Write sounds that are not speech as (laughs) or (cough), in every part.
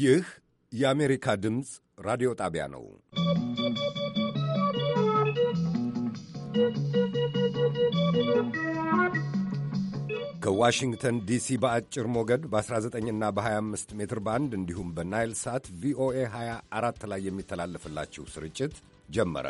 ይህ የአሜሪካ ድምፅ ራዲዮ ጣቢያ ነው። ከዋሽንግተን ዲሲ በአጭር ሞገድ በ 19 እና በ25 ሜትር ባንድ እንዲሁም በናይል ሳት ቪኦኤ 24 ላይ የሚተላለፍላችሁ ስርጭት ጀመረ።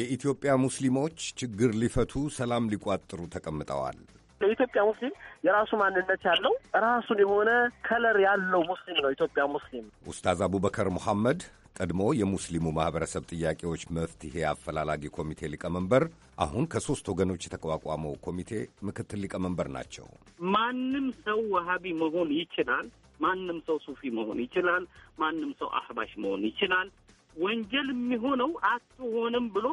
የኢትዮጵያ ሙስሊሞች ችግር ሊፈቱ ሰላም ሊቋጥሩ ተቀምጠዋል። የኢትዮጵያ ሙስሊም የራሱ ማንነት ያለው ራሱን የሆነ ከለር ያለው ሙስሊም ነው። ኢትዮጵያ ሙስሊም ኡስታዝ አቡበከር ሙሐመድ ቀድሞ የሙስሊሙ ማህበረሰብ ጥያቄዎች መፍትሄ አፈላላጊ ኮሚቴ ሊቀመንበር፣ አሁን ከሶስት ወገኖች የተቋቋመው ኮሚቴ ምክትል ሊቀመንበር ናቸው። ማንም ሰው ወሃቢ መሆን ይችላል። ማንም ሰው ሱፊ መሆን ይችላል። ማንም ሰው አህባሽ መሆን ይችላል። ወንጀል የሚሆነው አትሆንም ብሎ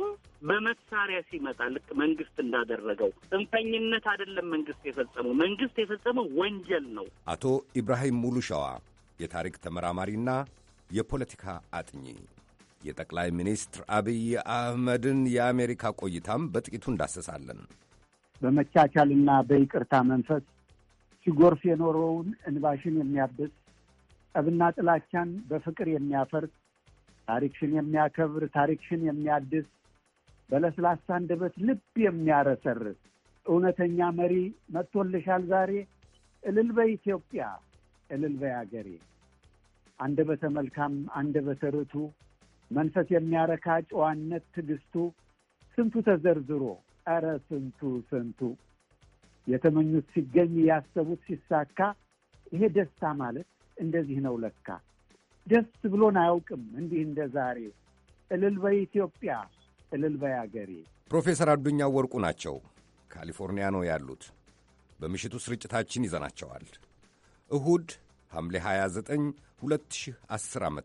በመሳሪያ ሲመጣ ልክ መንግስት እንዳደረገው ጽንፈኝነት አይደለም። መንግስት የፈጸመው መንግስት የፈጸመው ወንጀል ነው። አቶ ኢብራሂም ሙሉሻዋ የታሪክ ተመራማሪና የፖለቲካ አጥኚ የጠቅላይ ሚኒስትር አብይ አህመድን የአሜሪካ ቆይታም በጥቂቱ እንዳሰሳለን። በመቻቻልና በይቅርታ መንፈስ ሲጎርፍ የኖረውን እንባሽን የሚያብስ ጠብና ጥላቻን በፍቅር የሚያፈርስ ታሪክሽን የሚያከብር ታሪክሽን የሚያድስ በለስላሳ አንደበት ልብ የሚያረሰርስ እውነተኛ መሪ መጥቶልሻል ዛሬ። እልል በኢትዮጵያ እልል በያገሬ አገሬ። አንደበተ መልካም አንደበተ ርቱ መንፈስ የሚያረካ ጨዋነት ትዕግስቱ ስንቱ ተዘርዝሮ ኧረ ስንቱ ስንቱ የተመኙት ሲገኝ ያሰቡት ሲሳካ ይሄ ደስታ ማለት እንደዚህ ነው ለካ። ደስ ብሎን አያውቅም። እንዲህ እንደ ዛሬ እልል በኢትዮጵያ እልል በያገሬ። ፕሮፌሰር አዱኛ ወርቁ ናቸው። ካሊፎርኒያ ነው ያሉት። በምሽቱ ስርጭታችን ይዘናቸዋል። እሁድ ሐምሌ 29 2010 ዓ ም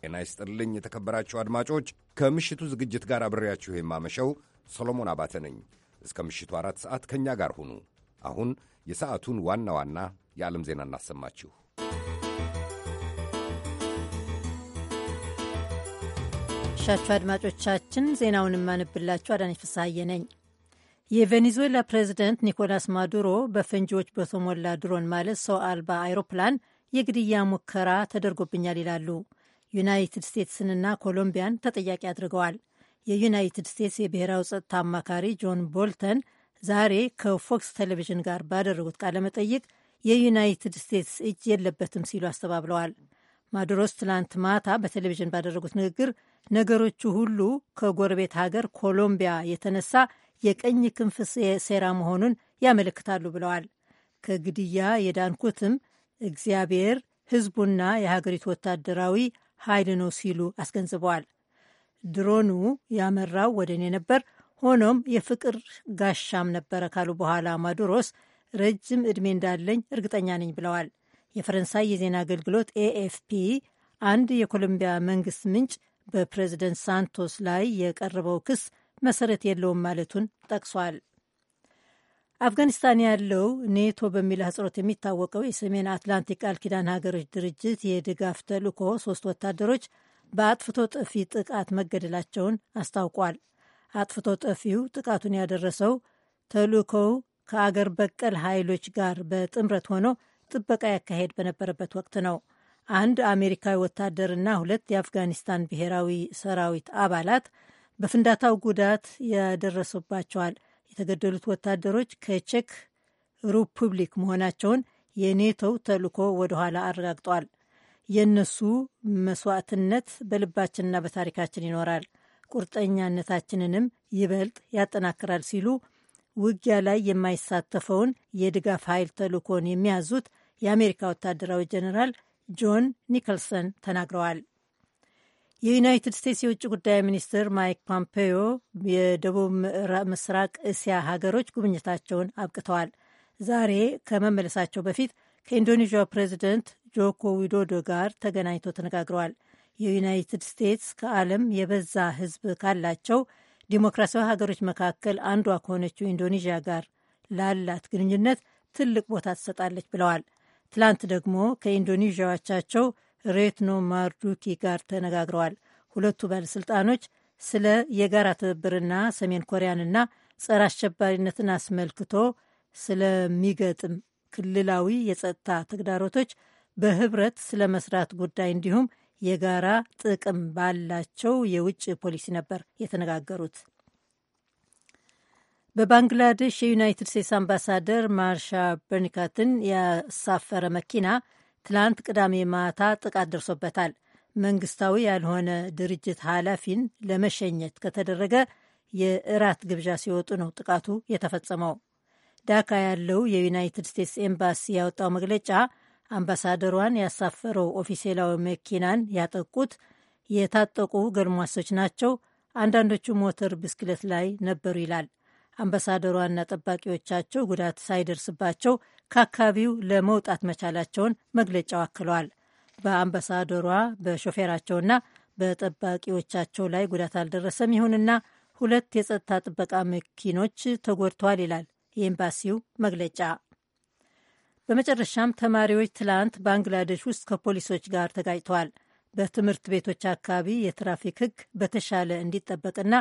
ጤና ይስጥልኝ የተከበራችሁ አድማጮች። ከምሽቱ ዝግጅት ጋር አብሬያችሁ የማመሸው ሰሎሞን አባተ ነኝ። እስከ ምሽቱ አራት ሰዓት ከእኛ ጋር ሁኑ። አሁን የሰዓቱን ዋና ዋና የዓለም ዜና እናሰማችሁ። እንደምናመሻችሁ አድማጮቻችን። ዜናውን የማንብላችሁ አዳነች ፍስሐዬ ነኝ። የቬኔዙዌላ ፕሬዚደንት ኒኮላስ ማዱሮ በፈንጂዎች በተሞላ ድሮን ማለት ሰው አልባ አይሮፕላን የግድያ ሙከራ ተደርጎብኛል ይላሉ። ዩናይትድ ስቴትስንና ኮሎምቢያን ተጠያቂ አድርገዋል። የዩናይትድ ስቴትስ የብሔራዊ ጸጥታ አማካሪ ጆን ቦልተን ዛሬ ከፎክስ ቴሌቪዥን ጋር ባደረጉት ቃለ መጠይቅ የዩናይትድ ስቴትስ እጅ የለበትም ሲሉ አስተባብለዋል። ማዱሮስ ትላንት ማታ በቴሌቪዥን ባደረጉት ንግግር ነገሮቹ ሁሉ ከጎረቤት ሀገር ኮሎምቢያ የተነሳ የቀኝ ክንፍ ሴራ መሆኑን ያመለክታሉ ብለዋል። ከግድያ የዳንኩትም እግዚአብሔር ሕዝቡና የሀገሪቱ ወታደራዊ ኃይል ነው ሲሉ አስገንዝበዋል። ድሮኑ ያመራው ወደ እኔ ነበር፣ ሆኖም የፍቅር ጋሻም ነበረ ካሉ በኋላ ማዱሮስ ረጅም ዕድሜ እንዳለኝ እርግጠኛ ነኝ ብለዋል። የፈረንሳይ የዜና አገልግሎት ኤኤፍፒ አንድ የኮሎምቢያ መንግስት ምንጭ በፕሬዝደንት ሳንቶስ ላይ የቀረበው ክስ መሰረት የለውም ማለቱን ጠቅሷል። አፍጋኒስታን ያለው ኔቶ በሚል አጽሮት የሚታወቀው የሰሜን አትላንቲክ ቃል ኪዳን ሀገሮች ድርጅት የድጋፍ ተልኮ ሶስት ወታደሮች በአጥፍቶ ጠፊ ጥቃት መገደላቸውን አስታውቋል። አጥፍቶ ጠፊው ጥቃቱን ያደረሰው ተልኮው ከአገር በቀል ኃይሎች ጋር በጥምረት ሆኖ ጥበቃ ያካሄድ በነበረበት ወቅት ነው። አንድ አሜሪካዊ ወታደርና ሁለት የአፍጋኒስታን ብሔራዊ ሰራዊት አባላት በፍንዳታው ጉዳት ያደረሰባቸዋል። የተገደሉት ወታደሮች ከቼክ ሪፑብሊክ መሆናቸውን የኔቶው ተልእኮ ወደኋላ አረጋግጧል። የእነሱ መስዋዕትነት በልባችንና በታሪካችን ይኖራል፣ ቁርጠኛነታችንንም ይበልጥ ያጠናክራል ሲሉ ውጊያ ላይ የማይሳተፈውን የድጋፍ ኃይል ተልእኮን የሚያዙት የአሜሪካ ወታደራዊ ጀኔራል ጆን ኒከልሰን ተናግረዋል። የዩናይትድ ስቴትስ የውጭ ጉዳይ ሚኒስትር ማይክ ፖምፔዮ የደቡብ ምስራቅ እስያ ሀገሮች ጉብኝታቸውን አብቅተዋል። ዛሬ ከመመለሳቸው በፊት ከኢንዶኔዥያ ፕሬዚደንት ጆኮ ዊዶዶ ጋር ተገናኝቶ ተነጋግረዋል። የዩናይትድ ስቴትስ ከዓለም የበዛ ሕዝብ ካላቸው ዲሞክራሲያዊ ሀገሮች መካከል አንዷ ከሆነችው ኢንዶኔዥያ ጋር ላላት ግንኙነት ትልቅ ቦታ ትሰጣለች ብለዋል። ትላንት ደግሞ ከኢንዶኔዥያዎቻቸው ሬትኖ ማርዱኪ ጋር ተነጋግረዋል። ሁለቱ ባለሥልጣኖች ስለ የጋራ ትብብርና ሰሜን ኮሪያንና ጸረ አሸባሪነትን አስመልክቶ ስለሚገጥም ክልላዊ የጸጥታ ተግዳሮቶች በህብረት ስለ መስራት ጉዳይ እንዲሁም የጋራ ጥቅም ባላቸው የውጭ ፖሊሲ ነበር የተነጋገሩት። በባንግላዴሽ የዩናይትድ ስቴትስ አምባሳደር ማርሻ በርኒካትን ያሳፈረ መኪና ትላንት ቅዳሜ ማታ ጥቃት ደርሶበታል። መንግስታዊ ያልሆነ ድርጅት ኃላፊን ለመሸኘት ከተደረገ የእራት ግብዣ ሲወጡ ነው ጥቃቱ የተፈጸመው። ዳካ ያለው የዩናይትድ ስቴትስ ኤምባሲ ያወጣው መግለጫ አምባሳደሯን ያሳፈረው ኦፊሴላዊ መኪናን ያጠቁት የታጠቁ ገልማሶች ናቸው፣ አንዳንዶቹ ሞተር ብስክሌት ላይ ነበሩ ይላል። አምባሳደሯና ጠባቂዎቻቸው ጉዳት ሳይደርስባቸው ከአካባቢው ለመውጣት መቻላቸውን መግለጫው አክሏል። በአምባሳደሯ በሾፌራቸውና በጠባቂዎቻቸው ላይ ጉዳት አልደረሰም። ይሁንና ሁለት የጸጥታ ጥበቃ መኪኖች ተጎድተዋል ይላል የኤምባሲው መግለጫ። በመጨረሻም ተማሪዎች ትላንት ባንግላዴሽ ውስጥ ከፖሊሶች ጋር ተጋጭተዋል። በትምህርት ቤቶች አካባቢ የትራፊክ ሕግ በተሻለ እንዲጠበቅና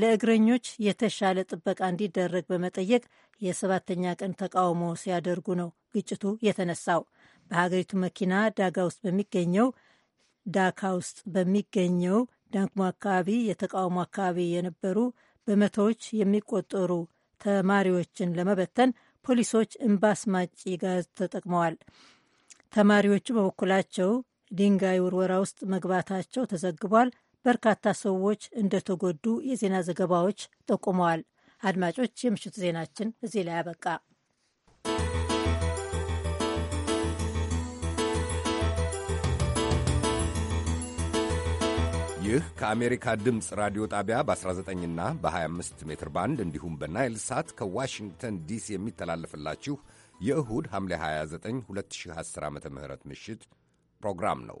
ለእግረኞች የተሻለ ጥበቃ እንዲደረግ በመጠየቅ የሰባተኛ ቀን ተቃውሞ ሲያደርጉ ነው ግጭቱ የተነሳው። በሀገሪቱ መኪና ዳጋ ውስጥ በሚገኘው ዳካ ውስጥ በሚገኘው ዳንክሞ አካባቢ የተቃውሞ አካባቢ የነበሩ በመቶዎች የሚቆጠሩ ተማሪዎችን ለመበተን ፖሊሶች እምባ አስማጪ ጋዝ ተጠቅመዋል። ተማሪዎቹ በበኩላቸው ድንጋይ ውርወራ ውስጥ መግባታቸው ተዘግቧል። በርካታ ሰዎች እንደተጎዱ የዜና ዘገባዎች ጠቁመዋል። አድማጮች፣ የምሽቱ ዜናችን እዚህ ላይ አበቃ። ይህ ከአሜሪካ ድምፅ ራዲዮ ጣቢያ በ19 እና በ25 ሜትር ባንድ እንዲሁም በናይል ሳት ከዋሽንግተን ዲሲ የሚተላለፍላችሁ የእሁድ ሐምሌ 29 2010 ዓ ም ምሽት ፕሮግራም ነው።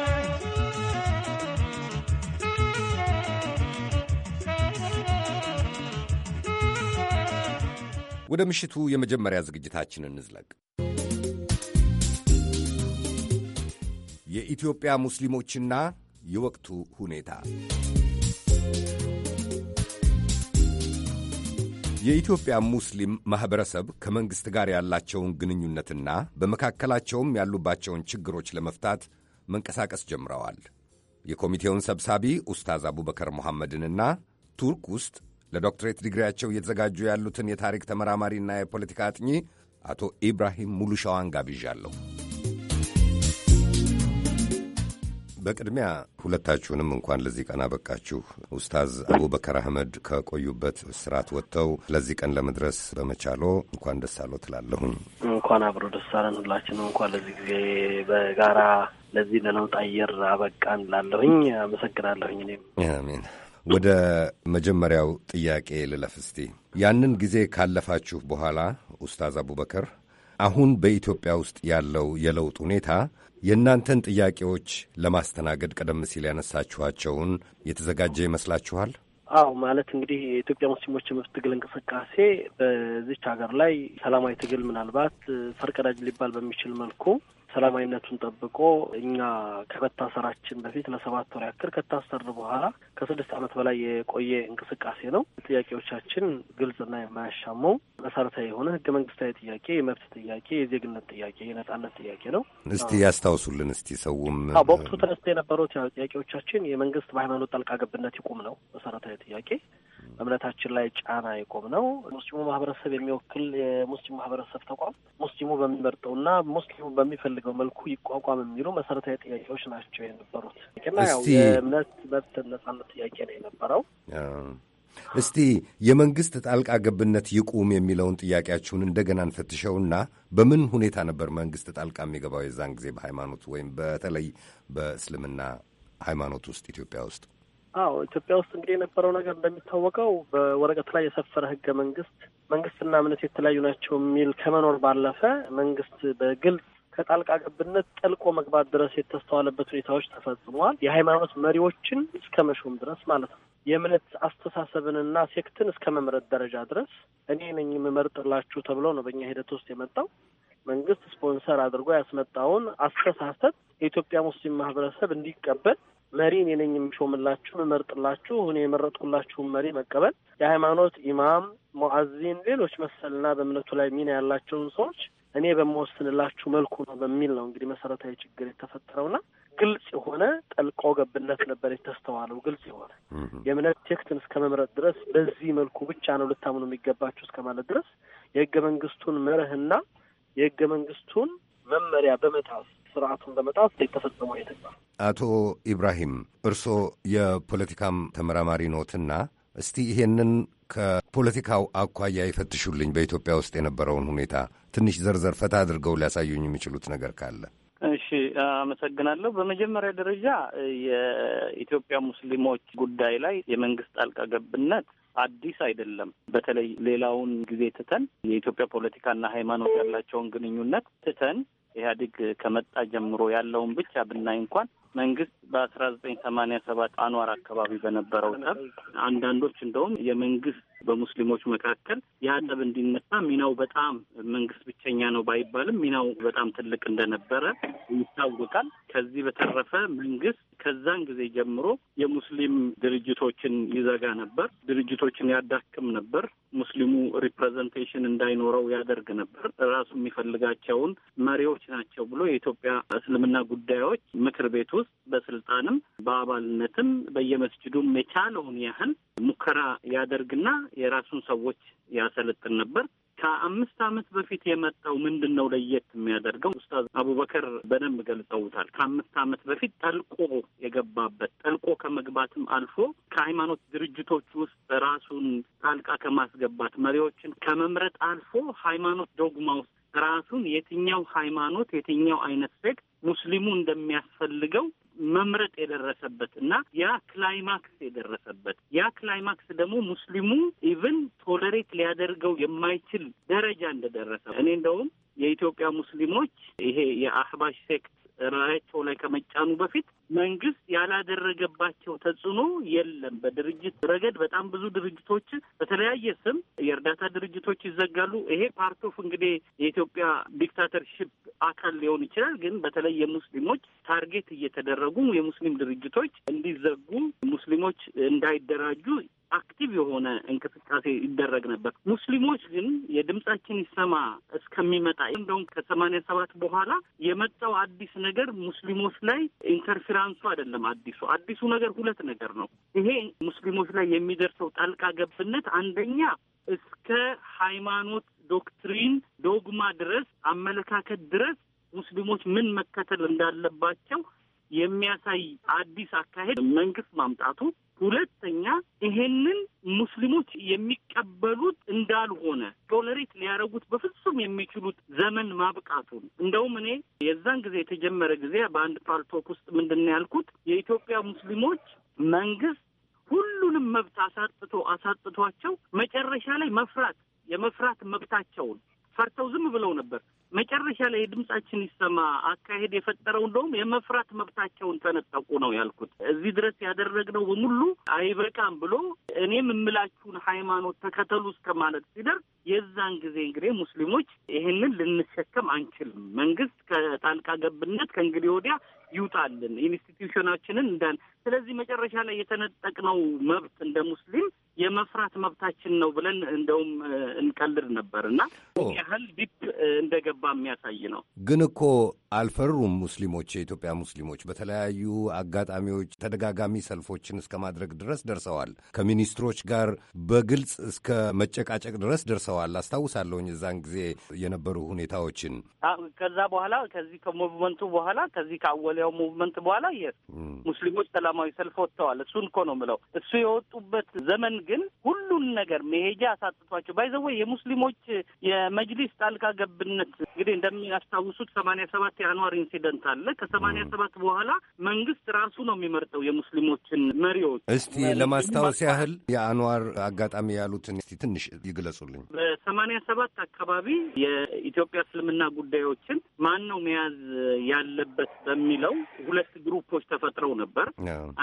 ወደ ምሽቱ የመጀመሪያ ዝግጅታችን እንዝለቅ። የኢትዮጵያ ሙስሊሞችና የወቅቱ ሁኔታ የኢትዮጵያ ሙስሊም ማኅበረሰብ ከመንግሥት ጋር ያላቸውን ግንኙነትና በመካከላቸውም ያሉባቸውን ችግሮች ለመፍታት መንቀሳቀስ ጀምረዋል። የኮሚቴውን ሰብሳቢ ኡስታዝ አቡበከር መሐመድንና ቱርክ ውስጥ ለዶክትሬት ዲግሪያቸው እየተዘጋጁ ያሉትን የታሪክ ተመራማሪና የፖለቲካ አጥኚ አቶ ኢብራሂም ሙሉሻዋን ጋብዣለሁ። በቅድሚያ ሁለታችሁንም እንኳን ለዚህ ቀን አበቃችሁ። ኡስታዝ አቡበከር አህመድ ከቆዩበት ስርዓት ወጥተው ለዚህ ቀን ለመድረስ በመቻሎ እንኳን ደስ አለው ትላለሁኝ። እንኳን አብሮ ደስ አለን ሁላችንም። እንኳን ለዚህ ጊዜ በጋራ ለዚህ ለለውጥ አየር አበቃን ላለሁኝ። አመሰግናለሁኝ። እኔም አሜን። ወደ መጀመሪያው ጥያቄ ልለፍ እስቲ። ያንን ጊዜ ካለፋችሁ በኋላ ኡስታዝ አቡበከር፣ አሁን በኢትዮጵያ ውስጥ ያለው የለውጥ ሁኔታ የእናንተን ጥያቄዎች ለማስተናገድ ቀደም ሲል ያነሳችኋቸውን የተዘጋጀ ይመስላችኋል? አዎ ማለት እንግዲህ የኢትዮጵያ ሙስሊሞች የመብት ትግል እንቅስቃሴ በዚች ሀገር ላይ ሰላማዊ ትግል ምናልባት ፈርቀዳጅ ሊባል በሚችል መልኩ ሰላማዊነቱን ጠብቆ እኛ ከመታሰራችን በፊት ለሰባት ወር ያክል ከታሰር በኋላ ከስድስት ዓመት በላይ የቆየ እንቅስቃሴ ነው። ጥያቄዎቻችን ግልጽና የማያሻመው መሰረታዊ የሆነ ህገ መንግስታዊ ጥያቄ፣ የመብት ጥያቄ፣ የዜግነት ጥያቄ፣ የነጻነት ጥያቄ ነው። እስቲ ያስታውሱልን። እስቲ ሰውም በወቅቱ ተነስተ የነበሩት ጥያቄዎቻችን የመንግስት በሃይማኖት ጣልቃ ገብነት ይቁም ነው መሰረታዊ ጥያቄ። እምነታችን ላይ ጫና ይቆም ነው። ሙስሊሙ ማህበረሰብ የሚወክል የሙስሊሙ ማህበረሰብ ተቋም ሙስሊሙ በሚመርጠው ና ሙስሊሙ በሚፈልገው መልኩ ይቋቋም የሚሉ መሰረታዊ ጥያቄዎች ናቸው የነበሩት እና ያው የእምነት መብት ነጻነት ጥያቄ ነው የነበረው። እስቲ የመንግስት ጣልቃ ገብነት ይቁም የሚለውን ጥያቄያችሁን እንደገና እንፈትሸውና በምን ሁኔታ ነበር መንግስት ጣልቃ የሚገባው የዛን ጊዜ በሃይማኖት ወይም በተለይ በእስልምና ሃይማኖት ውስጥ ኢትዮጵያ ውስጥ? አዎ ኢትዮጵያ ውስጥ እንግዲህ የነበረው ነገር እንደሚታወቀው በወረቀት ላይ የሰፈረ ህገ መንግስት መንግስትና እምነት የተለያዩ ናቸው የሚል ከመኖር ባለፈ መንግስት በግልጽ ከጣልቃ ገብነት ጠልቆ መግባት ድረስ የተስተዋለበት ሁኔታዎች ተፈጽመዋል። የሃይማኖት መሪዎችን እስከ መሾም ድረስ ማለት ነው። የእምነት አስተሳሰብንና ሴክትን እስከ መምረጥ ደረጃ ድረስ እኔ ነኝ የምመርጥላችሁ ተብሎ ነው በእኛ ሂደት ውስጥ የመጣው። መንግስት ስፖንሰር አድርጎ ያስመጣውን አስተሳሰብ የኢትዮጵያ ሙስሊም ማህበረሰብ እንዲቀበል መሪ እኔ ነኝ የምሾምላችሁ የምመርጥላችሁ እኔ የመረጥኩላችሁን መሪ መቀበል የሃይማኖት ኢማም፣ ሞአዚን ሌሎች መሰልና በእምነቱ ላይ ሚና ያላቸውን ሰዎች እኔ በመወስንላችሁ መልኩ ነው በሚል ነው እንግዲህ መሰረታዊ ችግር የተፈጠረውና ግልጽ የሆነ ጠልቆ ገብነት ነበር የተስተዋለው። ግልጽ የሆነ የእምነት ቴክትን እስከ መምረጥ ድረስ በዚህ መልኩ ብቻ ነው ልታምኑ የሚገባችሁ እስከ ማለት ድረስ የህገ መንግስቱን መርህና የህገ መንግስቱን መመሪያ በመጣስ ስርዓቱን ለመጣስ የተፈጸመው የተግባር። አቶ ኢብራሂም እርስዎ የፖለቲካም ተመራማሪ ኖትና እስቲ ይሄንን ከፖለቲካው አኳያ ይፈትሹልኝ። በኢትዮጵያ ውስጥ የነበረውን ሁኔታ ትንሽ ዘርዘር ፈታ አድርገው ሊያሳዩኝ የሚችሉት ነገር ካለ። እሺ፣ አመሰግናለሁ። በመጀመሪያ ደረጃ የኢትዮጵያ ሙስሊሞች ጉዳይ ላይ የመንግስት ጣልቃ ገብነት አዲስ አይደለም። በተለይ ሌላውን ጊዜ ትተን የኢትዮጵያ ፖለቲካና ሃይማኖት ያላቸውን ግንኙነት ትተን ኢህአዴግ ከመጣ ጀምሮ ያለውን ብቻ ብናይ እንኳን መንግስት በአስራ ዘጠኝ ሰማኒያ ሰባት አኗር አካባቢ በነበረው ጠብ አንዳንዶች እንደውም የመንግስት በሙስሊሞች መካከል ያ ጠብ እንዲነሳ ሚናው በጣም መንግስት ብቸኛ ነው ባይባልም ሚናው በጣም ትልቅ እንደነበረ ይታወቃል። ከዚህ በተረፈ መንግስት ከዛን ጊዜ ጀምሮ የሙስሊም ድርጅቶችን ይዘጋ ነበር፣ ድርጅቶችን ያዳክም ነበር፣ ሙስሊሙ ሪፕሬዘንቴሽን እንዳይኖረው ያደርግ ነበር። ራሱ የሚፈልጋቸውን መሪዎች ናቸው ብሎ የኢትዮጵያ እስልምና ጉዳዮች ምክር ቤቱ ውስጥ በስልጣንም በአባልነትም በየመስጅዱም የቻለውን ያህል ሙከራ ያደርግና የራሱን ሰዎች ያሰለጥን ነበር። ከአምስት ዓመት በፊት የመጣው ምንድን ነው ለየት የሚያደርገው? ኡስታዝ አቡበከር በደንብ ገልጸውታል። ከአምስት ዓመት በፊት ጠልቆ የገባበት ጠልቆ ከመግባትም አልፎ ከሃይማኖት ድርጅቶች ውስጥ ራሱን ጣልቃ ከማስገባት መሪዎችን ከመምረጥ አልፎ ሃይማኖት ዶግማ ውስጥ ራሱን የትኛው ሃይማኖት የትኛው አይነት ሴክት ሙስሊሙ እንደሚያስፈልገው መምረጥ የደረሰበት እና ያ ክላይማክስ የደረሰበት ያ ክላይማክስ ደግሞ ሙስሊሙ ኢቭን ቶለሬት ሊያደርገው የማይችል ደረጃ እንደደረሰ እኔ እንደውም የኢትዮጵያ ሙስሊሞች ይሄ የአህባሽ ሴክት ራያቸው ላይ ከመጫኑ በፊት መንግስት ያላደረገባቸው ተጽዕኖ የለም። በድርጅት ረገድ በጣም ብዙ ድርጅቶች በተለያየ ስም የእርዳታ ድርጅቶች ይዘጋሉ። ይሄ ፓርት ኦፍ እንግዲህ የኢትዮጵያ ዲክታተርሽፕ አካል ሊሆን ይችላል። ግን በተለይ የሙስሊሞች ታርጌት እየተደረጉ የሙስሊም ድርጅቶች እንዲዘጉ፣ ሙስሊሞች እንዳይደራጁ አክቲቭ የሆነ እንቅስቃሴ ይደረግ ነበር። ሙስሊሞች ግን የድምጻችን ይሰማ እስከሚመጣ እንደውም ከሰማንያ ሰባት በኋላ የመጣው አዲስ ነገር ሙስሊሞች ላይ ኢንተርፊራ አንሱ አይደለም አዲሱ አዲሱ ነገር ሁለት ነገር ነው። ይሄ ሙስሊሞች ላይ የሚደርሰው ጣልቃ ገብነት አንደኛ እስከ ሃይማኖት ዶክትሪን ዶግማ ድረስ አመለካከት ድረስ ሙስሊሞች ምን መከተል እንዳለባቸው የሚያሳይ አዲስ አካሄድ መንግስት ማምጣቱ ሁለተኛ ይሄንን ሙስሊሞች የሚቀበሉት እንዳልሆነ ቶለሬት ሊያደርጉት በፍጹም የሚችሉት ዘመን ማብቃቱን እንደውም እኔ የዛን ጊዜ የተጀመረ ጊዜ በአንድ ፓልቶክ ውስጥ ምንድን ነው ያልኩት የኢትዮጵያ ሙስሊሞች መንግስት ሁሉንም መብት አሳጥቶ አሳጥቷቸው መጨረሻ ላይ መፍራት የመፍራት መብታቸውን ፈርተው ዝም ብለው ነበር። መጨረሻ ላይ ድምጻችን ይሰማ አካሄድ የፈጠረው እንደውም የመፍራት መብታቸውን ተነጠቁ ነው ያልኩት። እዚህ ድረስ ያደረግነው በሙሉ አይበቃም ብሎ እኔም የምላችሁን ሃይማኖት ተከተሉ እስከ ማለት ሲደርስ የዛን ጊዜ እንግዲህ ሙስሊሞች ይህንን ልንሸከም አንችልም፣ መንግስት ከጣልቃ ገብነት ከእንግዲህ ወዲያ ይውጣልን፣ ኢንስቲትዩሽናችንን እንዳን። ስለዚህ መጨረሻ ላይ የተነጠቅነው መብት እንደ ሙስሊም የመፍራት መብታችን ነው ብለን እንደውም እንቀልድ ነበር እና ያህል ዲፕ እንደገባ የሚያሳይ ነው። ግን እኮ አልፈሩም ሙስሊሞች፣ የኢትዮጵያ ሙስሊሞች በተለያዩ አጋጣሚዎች ተደጋጋሚ ሰልፎችን እስከ ማድረግ ድረስ ደርሰዋል። ከሚኒስትሮች ጋር በግልጽ እስከ መጨቃጨቅ ድረስ ደርሰዋል። ደርሰዋል። አስታውሳለሁኝ እዛን ጊዜ የነበሩ ሁኔታዎችን። ከዛ በኋላ ከዚህ ከሙቭመንቱ በኋላ ከዚህ ከአወሊያው ሙቭመንት በኋላ ሙስሊሞች ሰላማዊ ሰልፍ ወጥተዋል። እሱን እኮ ነው ምለው። እሱ የወጡበት ዘመን ግን ሁሉን ነገር መሄጃ አሳጥቷቸው ባይዘወይ የሙስሊሞች የመጅሊስ ጣልቃ ገብነት እንግዲህ እንደሚያስታውሱት ሰማንያ ሰባት የአንዋር ኢንሲደንት አለ። ከሰማንያ ሰባት በኋላ መንግስት ራሱ ነው የሚመርጠው የሙስሊሞችን መሪዎች። እስቲ ለማስታወስ ያህል የአንዋር አጋጣሚ ያሉትን እስቲ ትንሽ ይግለጹልኝ። በሰማኒያ ሰባት አካባቢ የኢትዮጵያ እስልምና ጉዳዮችን ማን ነው መያዝ ያለበት በሚለው ሁለት ግሩፖች ተፈጥረው ነበር።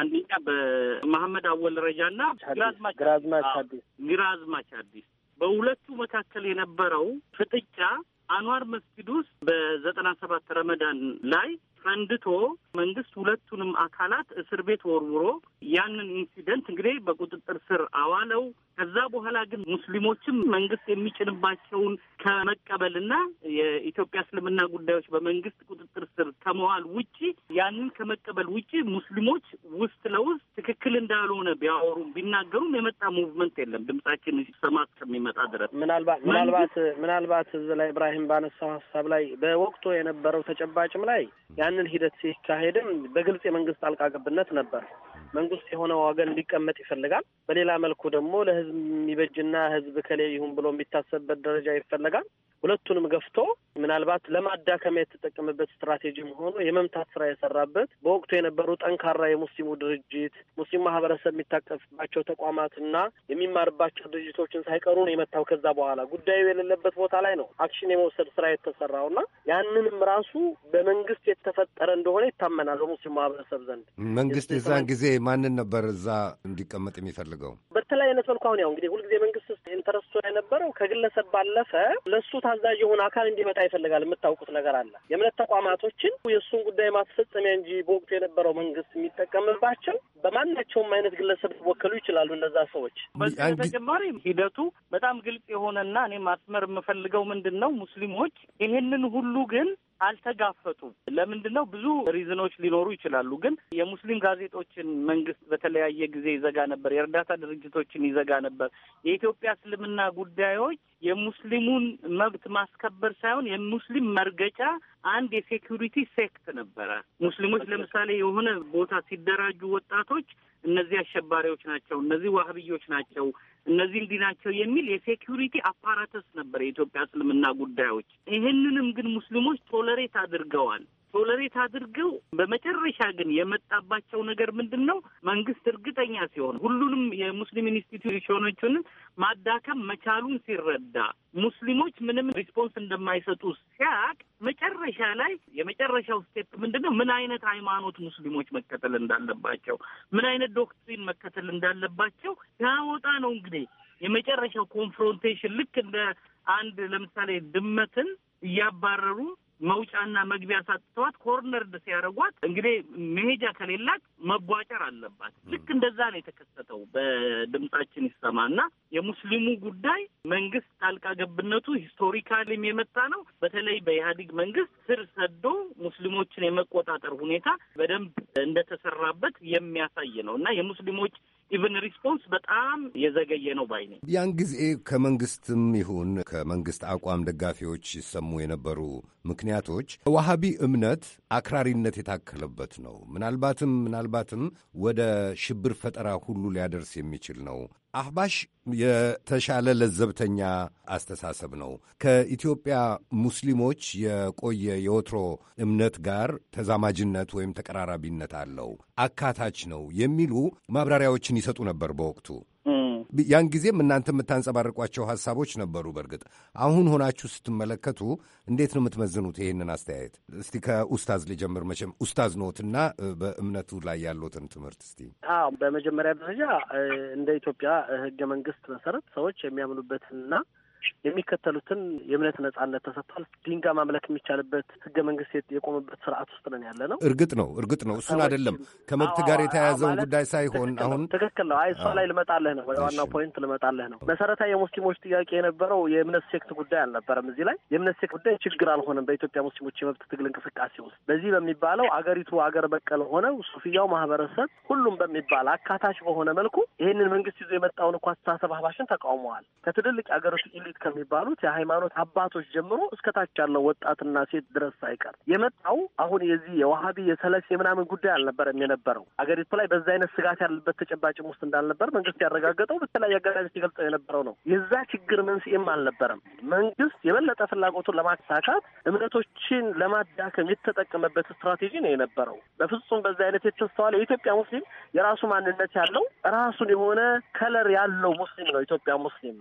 አንደኛ በመሐመድ አወል ረጃና ግራዝማች አዲስ በሁለቱ መካከል የነበረው ፍጥጫ አንዋር መስጊድ ውስጥ በዘጠና ሰባት ረመዳን ላይ ፈንድቶ መንግስት ሁለቱንም አካላት እስር ቤት ወርውሮ ያንን ኢንሲደንት እንግዲህ በቁጥጥር ስር አዋለው። ከዛ በኋላ ግን ሙስሊሞችም መንግስት የሚጭንባቸውን ከመቀበልና የኢትዮጵያ እስልምና ጉዳዮች በመንግስት ቁጥጥር ስር ከመዋል ውጪ ያንን ከመቀበል ውጪ ሙስሊሞች ውስጥ ለውስጥ ትክክል እንዳልሆነ ቢያወሩም ቢናገሩም የመጣ ሙቭመንት የለም። ድምጻችን ሰማ እስከሚመጣ ድረስ ምናልባት ምናልባት ምናልባት እዚህ ላይ ኢብራሂም ባነሳው ሀሳብ ላይ በወቅቱ የነበረው ተጨባጭም ላይ ያንን ሂደት ሲካሄድም በግልጽ የመንግስት ጣልቃ ገብነት ነበር። መንግስት የሆነ ወገን እንዲቀመጥ ይፈልጋል። በሌላ መልኩ ደግሞ ለህዝብ የሚበጅና ህዝብ ከሌ ይሁን ብሎ የሚታሰብበት ደረጃ ይፈለጋል። ሁለቱንም ገፍቶ ምናልባት ለማዳከሚያ የተጠቀምበት ስትራቴጂ መሆኑ የመምታት ስራ የሰራበት በወቅቱ የነበሩ ጠንካራ የሙስሊሙ ድርጅት ሙስሊም ማህበረሰብ የሚታቀፍባቸው ተቋማትና የሚማርባቸው ድርጅቶችን ሳይቀሩ ነው የመታው። ከዛ በኋላ ጉዳዩ የሌለበት ቦታ ላይ ነው አክሽን የመውሰድ ስራ የተሰራውና ያንንም ራሱ በመንግስት የተፈጠረ እንደሆነ ይታመናል በሙስሊም ማህበረሰብ ዘንድ መንግስት የዛን ጊዜ ጊዜ ማንን ነበር እዛ እንዲቀመጥ የሚፈልገው? በተለይ አይነት መልኩ አሁን ያው እንግዲህ ሁልጊዜ መንግስት ውስጥ ኢንተረስቶ የነበረው ከግለሰብ ባለፈ ለእሱ ታዛዥ የሆነ አካል እንዲመጣ ይፈልጋል። የምታውቁት ነገር አለ። የእምነት ተቋማቶችን የእሱን ጉዳይ ማስፈጸሚያ እንጂ በወቅቱ የነበረው መንግስት የሚጠቀምባቸው በማናቸውም አይነት ግለሰብ ሊወከሉ ይችላሉ እነዛ ሰዎች። በዚህ በተጨማሪ ሂደቱ በጣም ግልጽ የሆነና እኔ ማስመር የምፈልገው ምንድን ነው ሙስሊሞች ይህንን ሁሉ ግን አልተጋፈጡም። ለምንድን ነው? ብዙ ሪዝኖች ሊኖሩ ይችላሉ። ግን የሙስሊም ጋዜጦችን መንግስት በተለያየ ጊዜ ይዘጋ ነበር። የእርዳታ ድርጅቶችን ይዘጋ ነበር። የኢትዮጵያ እስልምና ጉዳዮች የሙስሊሙን መብት ማስከበር ሳይሆን የሙስሊም መርገጫ አንድ የሴኪሪቲ ሴክት ነበረ። ሙስሊሞች ለምሳሌ የሆነ ቦታ ሲደራጁ ወጣቶች እነዚህ አሸባሪዎች ናቸው፣ እነዚህ ዋህብዮች ናቸው፣ እነዚህ እንዲህ ናቸው የሚል የሴኪሪቲ አፓራተስ ነበር የኢትዮጵያ እስልምና ጉዳዮች። ይህንንም ግን ሙስሊሞች ቶለሬት አድርገዋል። ቶለሬት አድርገው በመጨረሻ ግን የመጣባቸው ነገር ምንድን ነው? መንግስት እርግጠኛ ሲሆን ሁሉንም የሙስሊም ኢንስቲትዩሽኖችን ማዳከም መቻሉን ሲረዳ ሙስሊሞች ምንም ሪስፖንስ እንደማይሰጡ ሲያቅ መጨረሻ ላይ የመጨረሻው ስቴፕ ምንድን ነው? ምን አይነት ሃይማኖት ሙስሊሞች መከተል እንዳለባቸው፣ ምን አይነት ዶክትሪን መከተል እንዳለባቸው ያወጣ ነው እንግዲህ የመጨረሻው ኮንፍሮንቴሽን ልክ እንደ አንድ ለምሳሌ ድመትን እያባረሩ መውጫና መግቢያ ሳትተዋት ኮርነር ድ እንግዲህ መሄጃ ከሌላት መቧጨር አለባት። ልክ እንደዛ ነው የተከሰተው በድምጻችን ይሰማ እና የሙስሊሙ ጉዳይ መንግስት ጣልቃ ገብነቱ ሂስቶሪካልም የመጣ ነው። በተለይ በኢህአዴግ መንግስት ስር ሰዶ ሙስሊሞችን የመቆጣጠር ሁኔታ በደንብ እንደተሰራበት የሚያሳይ ነው እና የሙስሊሞች ኢቨን ሪስፖንስ በጣም የዘገየ ነው ባይ ነኝ። ያን ጊዜ ከመንግስትም ይሁን ከመንግስት አቋም ደጋፊዎች ይሰሙ የነበሩ ምክንያቶች ዋሃቢ እምነት አክራሪነት የታከለበት ነው፣ ምናልባትም ምናልባትም ወደ ሽብር ፈጠራ ሁሉ ሊያደርስ የሚችል ነው አህባሽ የተሻለ ለዘብተኛ አስተሳሰብ ነው። ከኢትዮጵያ ሙስሊሞች የቆየ የወትሮ እምነት ጋር ተዛማጅነት ወይም ተቀራራቢነት አለው፣ አካታች ነው የሚሉ ማብራሪያዎችን ይሰጡ ነበር በወቅቱ ያን ጊዜም እናንተ የምታንጸባርቋቸው ሀሳቦች ነበሩ። በእርግጥ አሁን ሆናችሁ ስትመለከቱ እንዴት ነው የምትመዝኑት ይህንን አስተያየት? እስቲ ከኡስታዝ ልጀምር። መቼም ኡስታዝ ኖትና በእምነቱ ላይ ያሉትን ትምህርት እስቲ። አዎ፣ በመጀመሪያ ደረጃ እንደ ኢትዮጵያ ህገ መንግስት መሰረት ሰዎች የሚያምኑበትንና የሚከተሉትን የእምነት ነጻነት ተሰጥቷል። ድንጋይ ማምለክ የሚቻልበት ህገ መንግስት የቆመበት ስርዓት ውስጥ ነን ያለ ነው። እርግጥ ነው እርግጥ ነው እሱን አይደለም ከመብት ጋር የተያያዘውን ጉዳይ ሳይሆን አሁን ትክክል ነው። አይ እሷ ላይ ልመጣለህ ነው፣ ዋናው ፖይንት ልመጣለህ ነው። መሰረታዊ የሙስሊሞች ጥያቄ የነበረው የእምነት ሴክት ጉዳይ አልነበረም። እዚህ ላይ የእምነት ሴክት ጉዳይ ችግር አልሆነም። በኢትዮጵያ ሙስሊሞች የመብት ትግል እንቅስቃሴ ውስጥ በዚህ በሚባለው አገሪቱ አገር በቀል ሆነው ሱፍያው ማህበረሰብ ሁሉም በሚባል አካታች በሆነ መልኩ ይህንን መንግስት ይዞ የመጣውን እኳ አስተሳሰብ አህባሽን ተቃውመዋል። ከትልልቅ የአገሪቱ ሊት ከሚባሉት የሃይማኖት አባቶች ጀምሮ እስከታች ያለው ወጣትና ሴት ድረስ ሳይቀር የመጣው አሁን የዚህ የዋሃቢ የሰለፊ የምናምን ጉዳይ አልነበረም የነበረው አገሪቱ ላይ በዛ አይነት ስጋት ያለበት ተጨባጭም ውስጥ እንዳልነበር መንግስት ያረጋገጠው በተለያየ አጋጣሚ ሲገልጸው የነበረው ነው። የዛ ችግር መንስኤም አልነበረም። መንግስት የበለጠ ፍላጎቱን ለማሳካት እምነቶችን ለማዳከም የተጠቀመበት ስትራቴጂ ነው የነበረው። በፍጹም በዛ አይነት የተስተዋለ የኢትዮጵያ ሙስሊም የራሱ ማንነት ያለው ራሱን የሆነ ከለር ያለው ሙስሊም ነው። ኢትዮጵያ ሙስሊም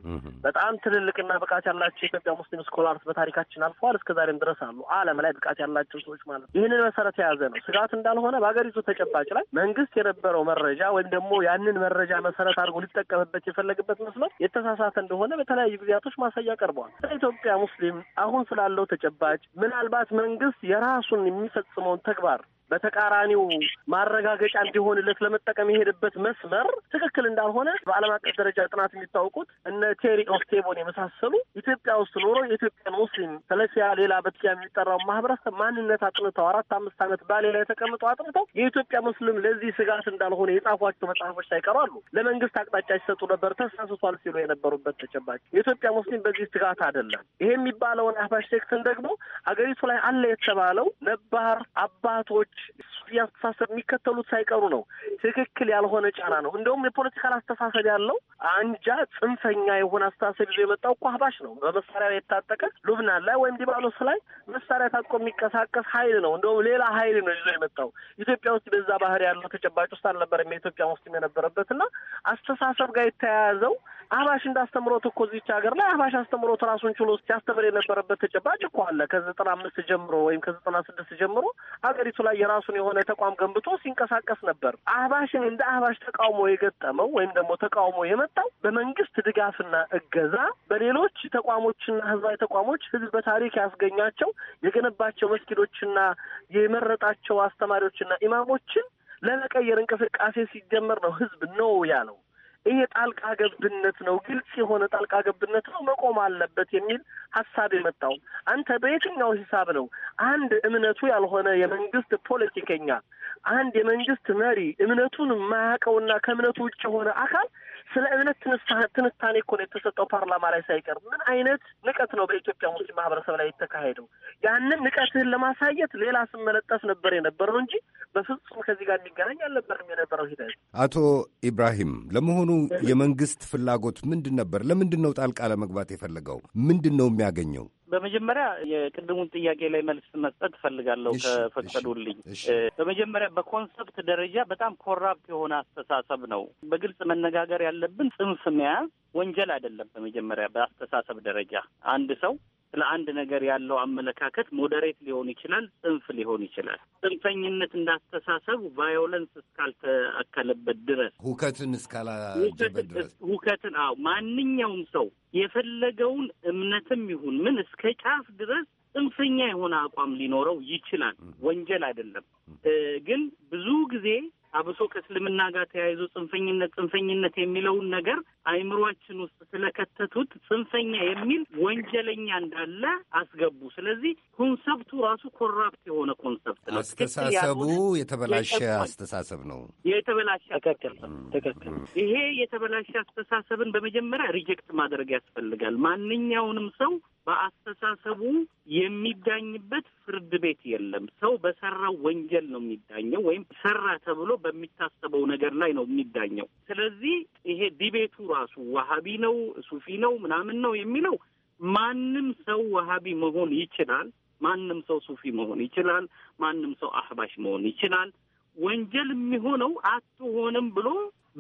በጣም ትልልቅ አቅና ብቃት ያላቸው የኢትዮጵያ ሙስሊም ስኮላርስ በታሪካችን አልፈዋል፣ እስከ ዛሬም ድረስ አሉ። ዓለም ላይ ብቃት ያላቸው ሰዎች ማለት ነው። ይህንን መሰረት የያዘ ነው። ስጋት እንዳልሆነ በሀገሪቱ ተጨባጭ ላይ መንግስት የነበረው መረጃ ወይም ደግሞ ያንን መረጃ መሰረት አድርጎ ሊጠቀምበት የፈለገበት መስመር የተሳሳተ እንደሆነ በተለያዩ ጊዜያቶች ማሳያ ቀርበዋል። ኢትዮጵያ ሙስሊም አሁን ስላለው ተጨባጭ ምናልባት መንግስት የራሱን የሚፈጽመውን ተግባር በተቃራኒው ማረጋገጫ እንዲሆንለት ለመጠቀም የሄደበት መስመር ትክክል እንዳልሆነ በዓለም አቀፍ ደረጃ ጥናት የሚታወቁት እነ ቴሪ ኦስቴቦን የመሳሰሉ ኢትዮጵያ ውስጥ ኖሮ የኢትዮጵያን ሙስሊም ተለሲያ ሌላ በትያ የሚጠራው ማህበረሰብ ማንነት አጥንተው አራት አምስት ዓመት ባሌ ላይ ተቀምጠው አጥንተው የኢትዮጵያ ሙስሊም ለዚህ ስጋት እንዳልሆነ የጻፏቸው መጽሐፎች ሳይቀሩ አሉ። ለመንግስት አቅጣጫ ሲሰጡ ነበር፣ ተሳስቷል ሲሉ የነበሩበት ተጨባጭ የኢትዮጵያ ሙስሊም በዚህ ስጋት አይደለም። ይሄ የሚባለውን አፓርታይድ ደግሞ አገሪቱ ላይ አለ የተባለው ነባር አባቶች አስተሳሰብ የሚከተሉት ሳይቀሩ ነው። ትክክል ያልሆነ ጫና ነው። እንደውም የፖለቲካል አስተሳሰብ ያለው አንጃ ጽንፈኛ የሆነ አስተሳሰብ ይዞ የመጣው እኮ አህባሽ ነው። በመሳሪያ የታጠቀ ሉብናን ላይ ወይም ዲባሎስ ላይ መሳሪያ ታጥቆ የሚንቀሳቀስ ኃይል ነው። እንደውም ሌላ ኃይል ነው ይዞ የመጣው። ኢትዮጵያ ውስጥ በዛ ባህር ያለው ተጨባጭ ውስጥ አልነበረም። የኢትዮጵያ ውስጥ የነበረበት እና አስተሳሰብ ጋር የተያያዘው አህባሽ እንዳስተምሮት እኮ እዚች ሀገር ላይ አህባሽ አስተምሮት ራሱን ችሎ ሲያስተምር የነበረበት ተጨባጭ እኮ አለ። ከዘጠና አምስት ጀምሮ ወይም ከዘጠና ስድስት ጀምሮ ሀገሪቱ ላይ የራሱን የሆነ ተቋም ገንብቶ ሲንቀሳቀስ ነበር። አህባሽን እንደ አህባሽ ተቃውሞ የገጠመው ወይም ደግሞ ተቃውሞ የመጣው በመንግስት ድጋፍና እገዛ በሌሎች ተቋሞችና ህዝባዊ ተቋሞች ህዝብ በታሪክ ያስገኛቸው የገነባቸው መስጊዶችና የመረጣቸው አስተማሪዎችና ኢማሞችን ለመቀየር እንቅስቃሴ ሲጀመር ነው ህዝብ ነው ያለው። ይሄ ጣልቃ ገብነት ነው፣ ግልጽ የሆነ ጣልቃ ገብነት ነው፣ መቆም አለበት የሚል ሀሳብ የመጣው አንተ በየትኛው ሂሳብ ነው አንድ እምነቱ ያልሆነ የመንግስት ፖለቲከኛ አንድ የመንግስት መሪ እምነቱን የማያውቀውና ከእምነቱ ውጭ የሆነ አካል ስለ እምነት ትንታኔ እኮ ነው የተሰጠው ፓርላማ ላይ ሳይቀር። ምን አይነት ንቀት ነው በኢትዮጵያ ሙስሊም ማህበረሰብ ላይ የተካሄደው? ያንን ንቀትህን ለማሳየት ሌላ ስም መለጠፍ ነበር የነበረው እንጂ በፍጹም ከዚህ ጋር የሚገናኝ አልነበርም የነበረው ሂደት። አቶ ኢብራሂም ለመሆኑ የመንግስት ፍላጎት ምንድን ነበር? ለምንድን ነው ጣልቃ ለመግባት የፈለገው? ምንድን ነው የሚያገኘው? በመጀመሪያ የቅድሙን ጥያቄ ላይ መልስ መስጠት እፈልጋለሁ ከፈቀዱልኝ። በመጀመሪያ በኮንሰፕት ደረጃ በጣም ኮራፕት የሆነ አስተሳሰብ ነው። በግልጽ መነጋገር ያለብን ጽንፍ መያዝ ወንጀል አይደለም። በመጀመሪያ በአስተሳሰብ ደረጃ አንድ ሰው ስለ አንድ ነገር ያለው አመለካከት ሞዴሬት ሊሆን ይችላል፣ ጽንፍ ሊሆን ይችላል። ጽንፈኝነት እንዳስተሳሰብ ቫዮለንስ እስካልተአከለበት ድረስ ሁከትን እስካላጀበት ድረስ ሁከትን አዎ ማንኛውም ሰው የፈለገውን እምነትም ይሁን ምን እስከ ጫፍ ድረስ ጽንፈኛ የሆነ አቋም ሊኖረው ይችላል። ወንጀል አይደለም። ግን ብዙ ጊዜ አብሶ ከእስልምና ጋር ተያይዞ ጽንፈኝነት ጽንፈኝነት የሚለውን ነገር አይምሯችን ውስጥ ስለከተቱት ጽንፈኛ የሚል ወንጀለኛ እንዳለ አስገቡ። ስለዚህ ኮንሰፕቱ ራሱ ኮራፕት የሆነ ኮንሰፕት ነው። አስተሳሰቡ የተበላሸ አስተሳሰብ ነው። የተበላሸ ትክክል ትክክል። ይሄ የተበላሸ አስተሳሰብን በመጀመሪያ ሪጀክት ማድረግ ያስፈልጋል። ማንኛውንም ሰው በአስተሳሰቡ የሚዳኝበት ፍርድ ቤት የለም። ሰው በሰራው ወንጀል ነው የሚዳኘው፣ ወይም ሰራ ተብሎ በሚታሰበው ነገር ላይ ነው የሚዳኘው። ስለዚህ ይሄ ዲቤቱ ራሱ ዋሀቢ ነው ሱፊ ነው ምናምን ነው የሚለው ማንም ሰው ዋሀቢ መሆን ይችላል። ማንም ሰው ሱፊ መሆን ይችላል። ማንም ሰው አህባሽ መሆን ይችላል። ወንጀል የሚሆነው አትሆንም ብሎ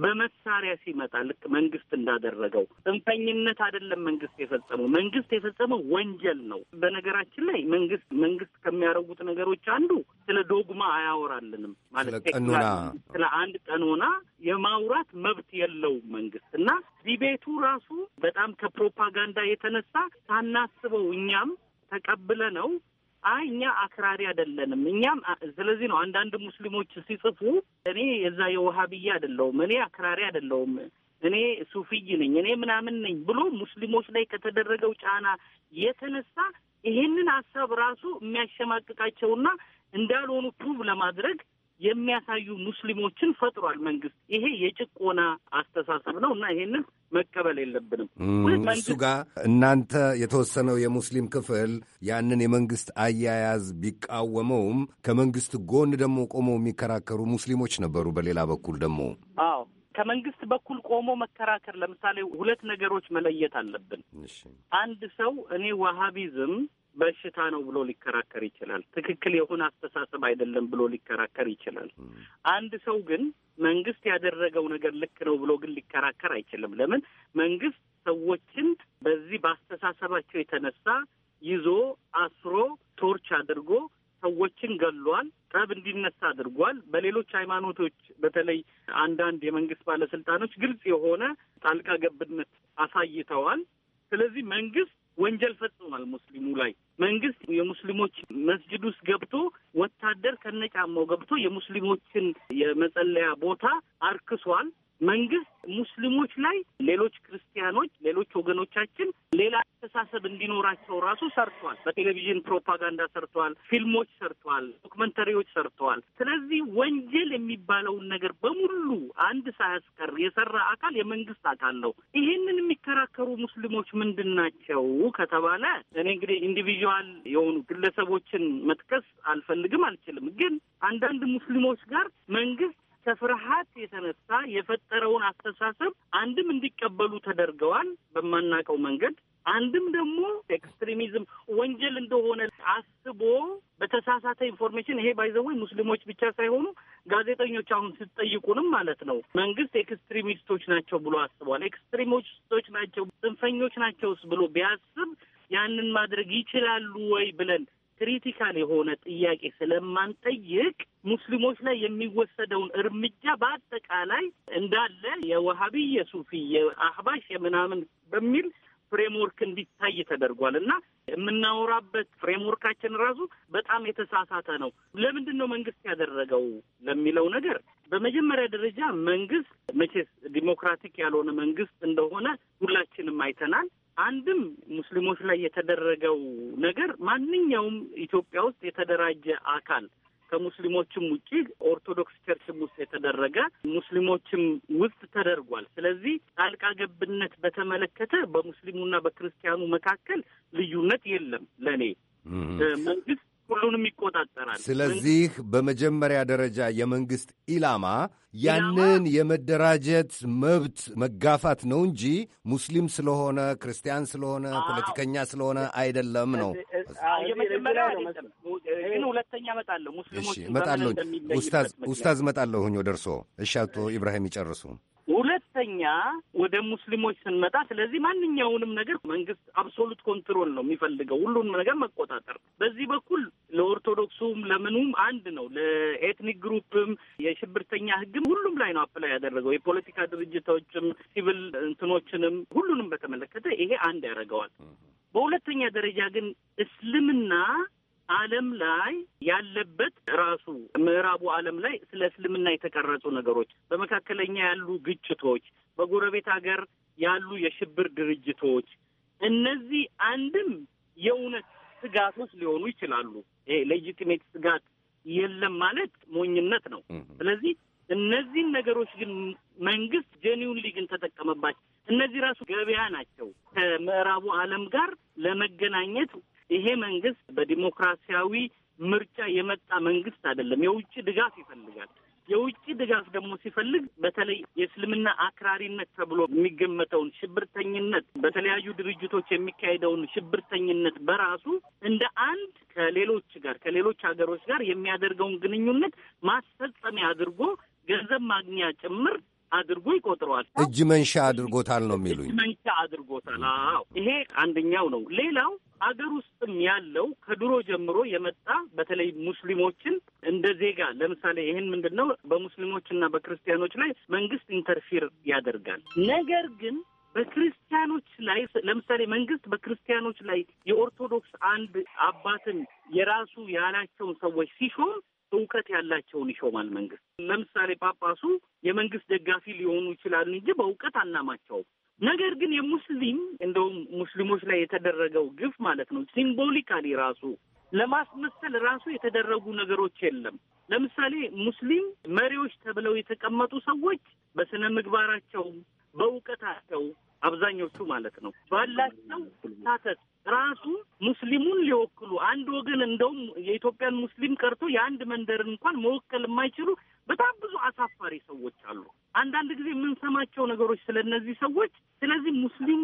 በመሳሪያ ሲመጣ ልክ መንግስት እንዳደረገው ጽንፈኝነት አይደለም። መንግስት የፈጸመው መንግስት የፈጸመው ወንጀል ነው። በነገራችን ላይ መንግስት መንግስት ከሚያደርጉት ነገሮች አንዱ ስለ ዶግማ አያወራልንም ማለት ስለ አንድ ቀኖና የማውራት መብት የለውም መንግስት እና ዲቤቱ ራሱ በጣም ከፕሮፓጋንዳ የተነሳ ሳናስበው እኛም ተቀብለ ነው አይ እኛ አክራሪ አይደለንም። እኛም ስለዚህ ነው አንዳንድ ሙስሊሞች ሲጽፉ እኔ የዛ የውሃብያ አይደለሁም፣ እኔ አክራሪ አይደለሁም፣ እኔ ሱፊይ ነኝ፣ እኔ ምናምን ነኝ ብሎ ሙስሊሞች ላይ ከተደረገው ጫና የተነሳ ይህንን ሀሳብ ራሱ የሚያሸማቅቃቸውና እንዳልሆኑ ፕሩቭ ለማድረግ የሚያሳዩ ሙስሊሞችን ፈጥሯል መንግስት። ይሄ የጭቆና አስተሳሰብ ነው እና ይሄንን መቀበል የለብንም። እሱ ጋር እናንተ የተወሰነው የሙስሊም ክፍል ያንን የመንግስት አያያዝ ቢቃወመውም ከመንግስት ጎን ደግሞ ቆመው የሚከራከሩ ሙስሊሞች ነበሩ። በሌላ በኩል ደግሞ አዎ ከመንግስት በኩል ቆሞ መከራከር። ለምሳሌ ሁለት ነገሮች መለየት አለብን። አንድ ሰው እኔ ዋሃቢዝም በሽታ ነው ብሎ ሊከራከር ይችላል። ትክክል የሆነ አስተሳሰብ አይደለም ብሎ ሊከራከር ይችላል። አንድ ሰው ግን መንግስት ያደረገው ነገር ልክ ነው ብሎ ግን ሊከራከር አይችልም። ለምን? መንግስት ሰዎችን በዚህ በአስተሳሰባቸው የተነሳ ይዞ አስሮ ቶርች አድርጎ ሰዎችን ገሏል። ጠብ እንዲነሳ አድርጓል። በሌሎች ሃይማኖቶች በተለይ አንዳንድ የመንግስት ባለስልጣኖች ግልጽ የሆነ ጣልቃ ገብነት አሳይተዋል። ስለዚህ መንግስት ወንጀል ፈጽሟል ሙስሊሙ ላይ መንግስት የሙስሊሞች መስጅድ ውስጥ ገብቶ ወታደር ከነጫማው ገብቶ የሙስሊሞችን የመጸለያ ቦታ አርክሷል። መንግስት ሙስሊሞች ላይ ሌሎች ክርስቲያኖች፣ ሌሎች ወገኖቻችን ሌላ አስተሳሰብ እንዲኖራቸው ራሱ ሰርቷል። በቴሌቪዥን ፕሮፓጋንዳ ሰርተዋል፣ ፊልሞች ሰርተዋል፣ ዶክመንተሪዎች ሰርተዋል። ስለዚህ ወንጀል የሚባለውን ነገር በሙሉ አንድ ሳያስቀር የሰራ አካል የመንግስት አካል ነው። ይህንን የሚከራከሩ ሙስሊሞች ምንድን ናቸው ከተባለ እኔ እንግዲህ ኢንዲቪዥዋል የሆኑ ግለሰቦችን መጥቀስ አልፈልግም፣ አልችልም። ግን አንዳንድ ሙስሊሞች ጋር መንግስት ከፍርሃት የተነሳ የፈጠረውን አስተሳሰብ አንድም እንዲቀበሉ ተደርገዋል በማናውቀው መንገድ አንድም ደግሞ ኤክስትሪሚዝም ወንጀል እንደሆነ አስቦ በተሳሳተ ኢንፎርሜሽን ይሄ ባይዘወይ ሙስሊሞች ብቻ ሳይሆኑ ጋዜጠኞች አሁን ስትጠይቁንም ማለት ነው መንግስት ኤክስትሪሚስቶች ናቸው ብሎ አስቧል። ኤክስትሪሚስቶች ናቸው ጽንፈኞች ናቸውስ ብሎ ቢያስብ ያንን ማድረግ ይችላሉ ወይ ብለን ክሪቲካል የሆነ ጥያቄ ስለማንጠይቅ ሙስሊሞች ላይ የሚወሰደውን እርምጃ በአጠቃላይ እንዳለ የወሃቢ የሱፊ የአህባሽ የምናምን በሚል ፍሬምወርክ እንዲታይ ተደርጓል እና የምናወራበት ፍሬምወርካችን ራሱ በጣም የተሳሳተ ነው። ለምንድን ነው መንግስት ያደረገው ለሚለው ነገር በመጀመሪያ ደረጃ መንግስት መቼስ ዲሞክራቲክ ያልሆነ መንግስት እንደሆነ ሁላችንም አይተናል። አንድም ሙስሊሞች ላይ የተደረገው ነገር ማንኛውም ኢትዮጵያ ውስጥ የተደራጀ አካል ከሙስሊሞችም ውጭ ኦርቶዶክስ ቸርችም ውስጥ የተደረገ ሙስሊሞችም ውስጥ ተደርጓል። ስለዚህ ጣልቃ ገብነት በተመለከተ በሙስሊሙና በክርስቲያኑ መካከል ልዩነት የለም። ለእኔ መንግስት ሁሉንም ይቆጣጠራል። ስለዚህ በመጀመሪያ ደረጃ የመንግስት ኢላማ ያንን የመደራጀት መብት መጋፋት ነው እንጂ ሙስሊም ስለሆነ ክርስቲያን ስለሆነ ፖለቲከኛ ስለሆነ አይደለም ነው። ሁለተኛ እመጣለሁ ሙስሊሞች እመጣለሁ ኡስታዝ እሺ አቶ ኢብራሂም ይጨርሱ። ሁለተኛ ወደ ሙስሊሞች ስንመጣ፣ ስለዚህ ማንኛውንም ነገር መንግስት አብሶሉት ኮንትሮል ነው የሚፈልገው፣ ሁሉንም ነገር መቆጣጠር። በዚህ በኩል ለኦርቶዶክሱም ለምኑም አንድ ነው። ለኤትኒክ ግሩፕም የሽብርተኛ ህግም ሁሉም ላይ ነው አፕላይ ያደረገው። የፖለቲካ ድርጅቶችም ሲቪል እንትኖችንም ሁሉንም በተመለከተ ይሄ አንድ ያደርገዋል። በሁለተኛ ደረጃ ግን እስልምና ዓለም ላይ ያለበት ራሱ ምዕራቡ ዓለም ላይ ስለ እስልምና የተቀረጹ ነገሮች፣ በመካከለኛ ያሉ ግጭቶች፣ በጎረቤት ሀገር ያሉ የሽብር ድርጅቶች፣ እነዚህ አንድም የእውነት ስጋቶች ሊሆኑ ይችላሉ። ይሄ ሌጂቲሜት ስጋት የለም ማለት ሞኝነት ነው። ስለዚህ እነዚህን ነገሮች ግን መንግስት ጄኒውንሊ ግን ተጠቀመባቸው። እነዚህ ራሱ ገበያ ናቸው። ከምዕራቡ ዓለም ጋር ለመገናኘት ይሄ መንግስት በዲሞክራሲያዊ ምርጫ የመጣ መንግስት አይደለም። የውጭ ድጋፍ ይፈልጋል። የውጭ ድጋፍ ደግሞ ሲፈልግ በተለይ የእስልምና አክራሪነት ተብሎ የሚገመተውን ሽብርተኝነት በተለያዩ ድርጅቶች የሚካሄደውን ሽብርተኝነት በራሱ እንደ አንድ ከሌሎች ጋር ከሌሎች ሀገሮች ጋር የሚያደርገውን ግንኙነት ማስፈጸሚያ አድርጎ ገንዘብ ማግኛ ጭምር አድርጎ ይቆጥረዋል። እጅ መንሻ አድርጎታል ነው የሚሉኝ። መንሻ አድርጎታል። አዎ ይሄ አንደኛው ነው። ሌላው አገር ውስጥም ያለው ከድሮ ጀምሮ የመጣ በተለይ ሙስሊሞችን እንደ ዜጋ ለምሳሌ ይህን ምንድን ነው በሙስሊሞችና በክርስቲያኖች ላይ መንግስት ኢንተርፊር ያደርጋል። ነገር ግን በክርስቲያኖች ላይ ለምሳሌ መንግስት በክርስቲያኖች ላይ የኦርቶዶክስ አንድ አባትን የራሱ ያላቸውን ሰዎች ሲሾም እውቀት ያላቸውን ይሾማል መንግስት። ለምሳሌ ጳጳሱ የመንግስት ደጋፊ ሊሆኑ ይችላሉ እንጂ በእውቀት አናማቸውም። ነገር ግን የሙስሊም እንደውም ሙስሊሞች ላይ የተደረገው ግፍ ማለት ነው ሲምቦሊካሊ ራሱ ለማስመሰል ራሱ የተደረጉ ነገሮች የለም። ለምሳሌ ሙስሊም መሪዎች ተብለው የተቀመጡ ሰዎች በስነ ምግባራቸው፣ በእውቀታቸው አብዛኞቹ ማለት ነው ባላቸው ሳተት ራሱ ሙስሊሙን ሊወክሉ አንድ ወገን እንደውም የኢትዮጵያን ሙስሊም ቀርቶ የአንድ መንደርን እንኳን መወከል የማይችሉ በጣም ብዙ አሳፋሪ ሰዎች አሉ። አንዳንድ ጊዜ የምንሰማቸው ነገሮች ስለ እነዚህ ሰዎች። ስለዚህ ሙስሊሙ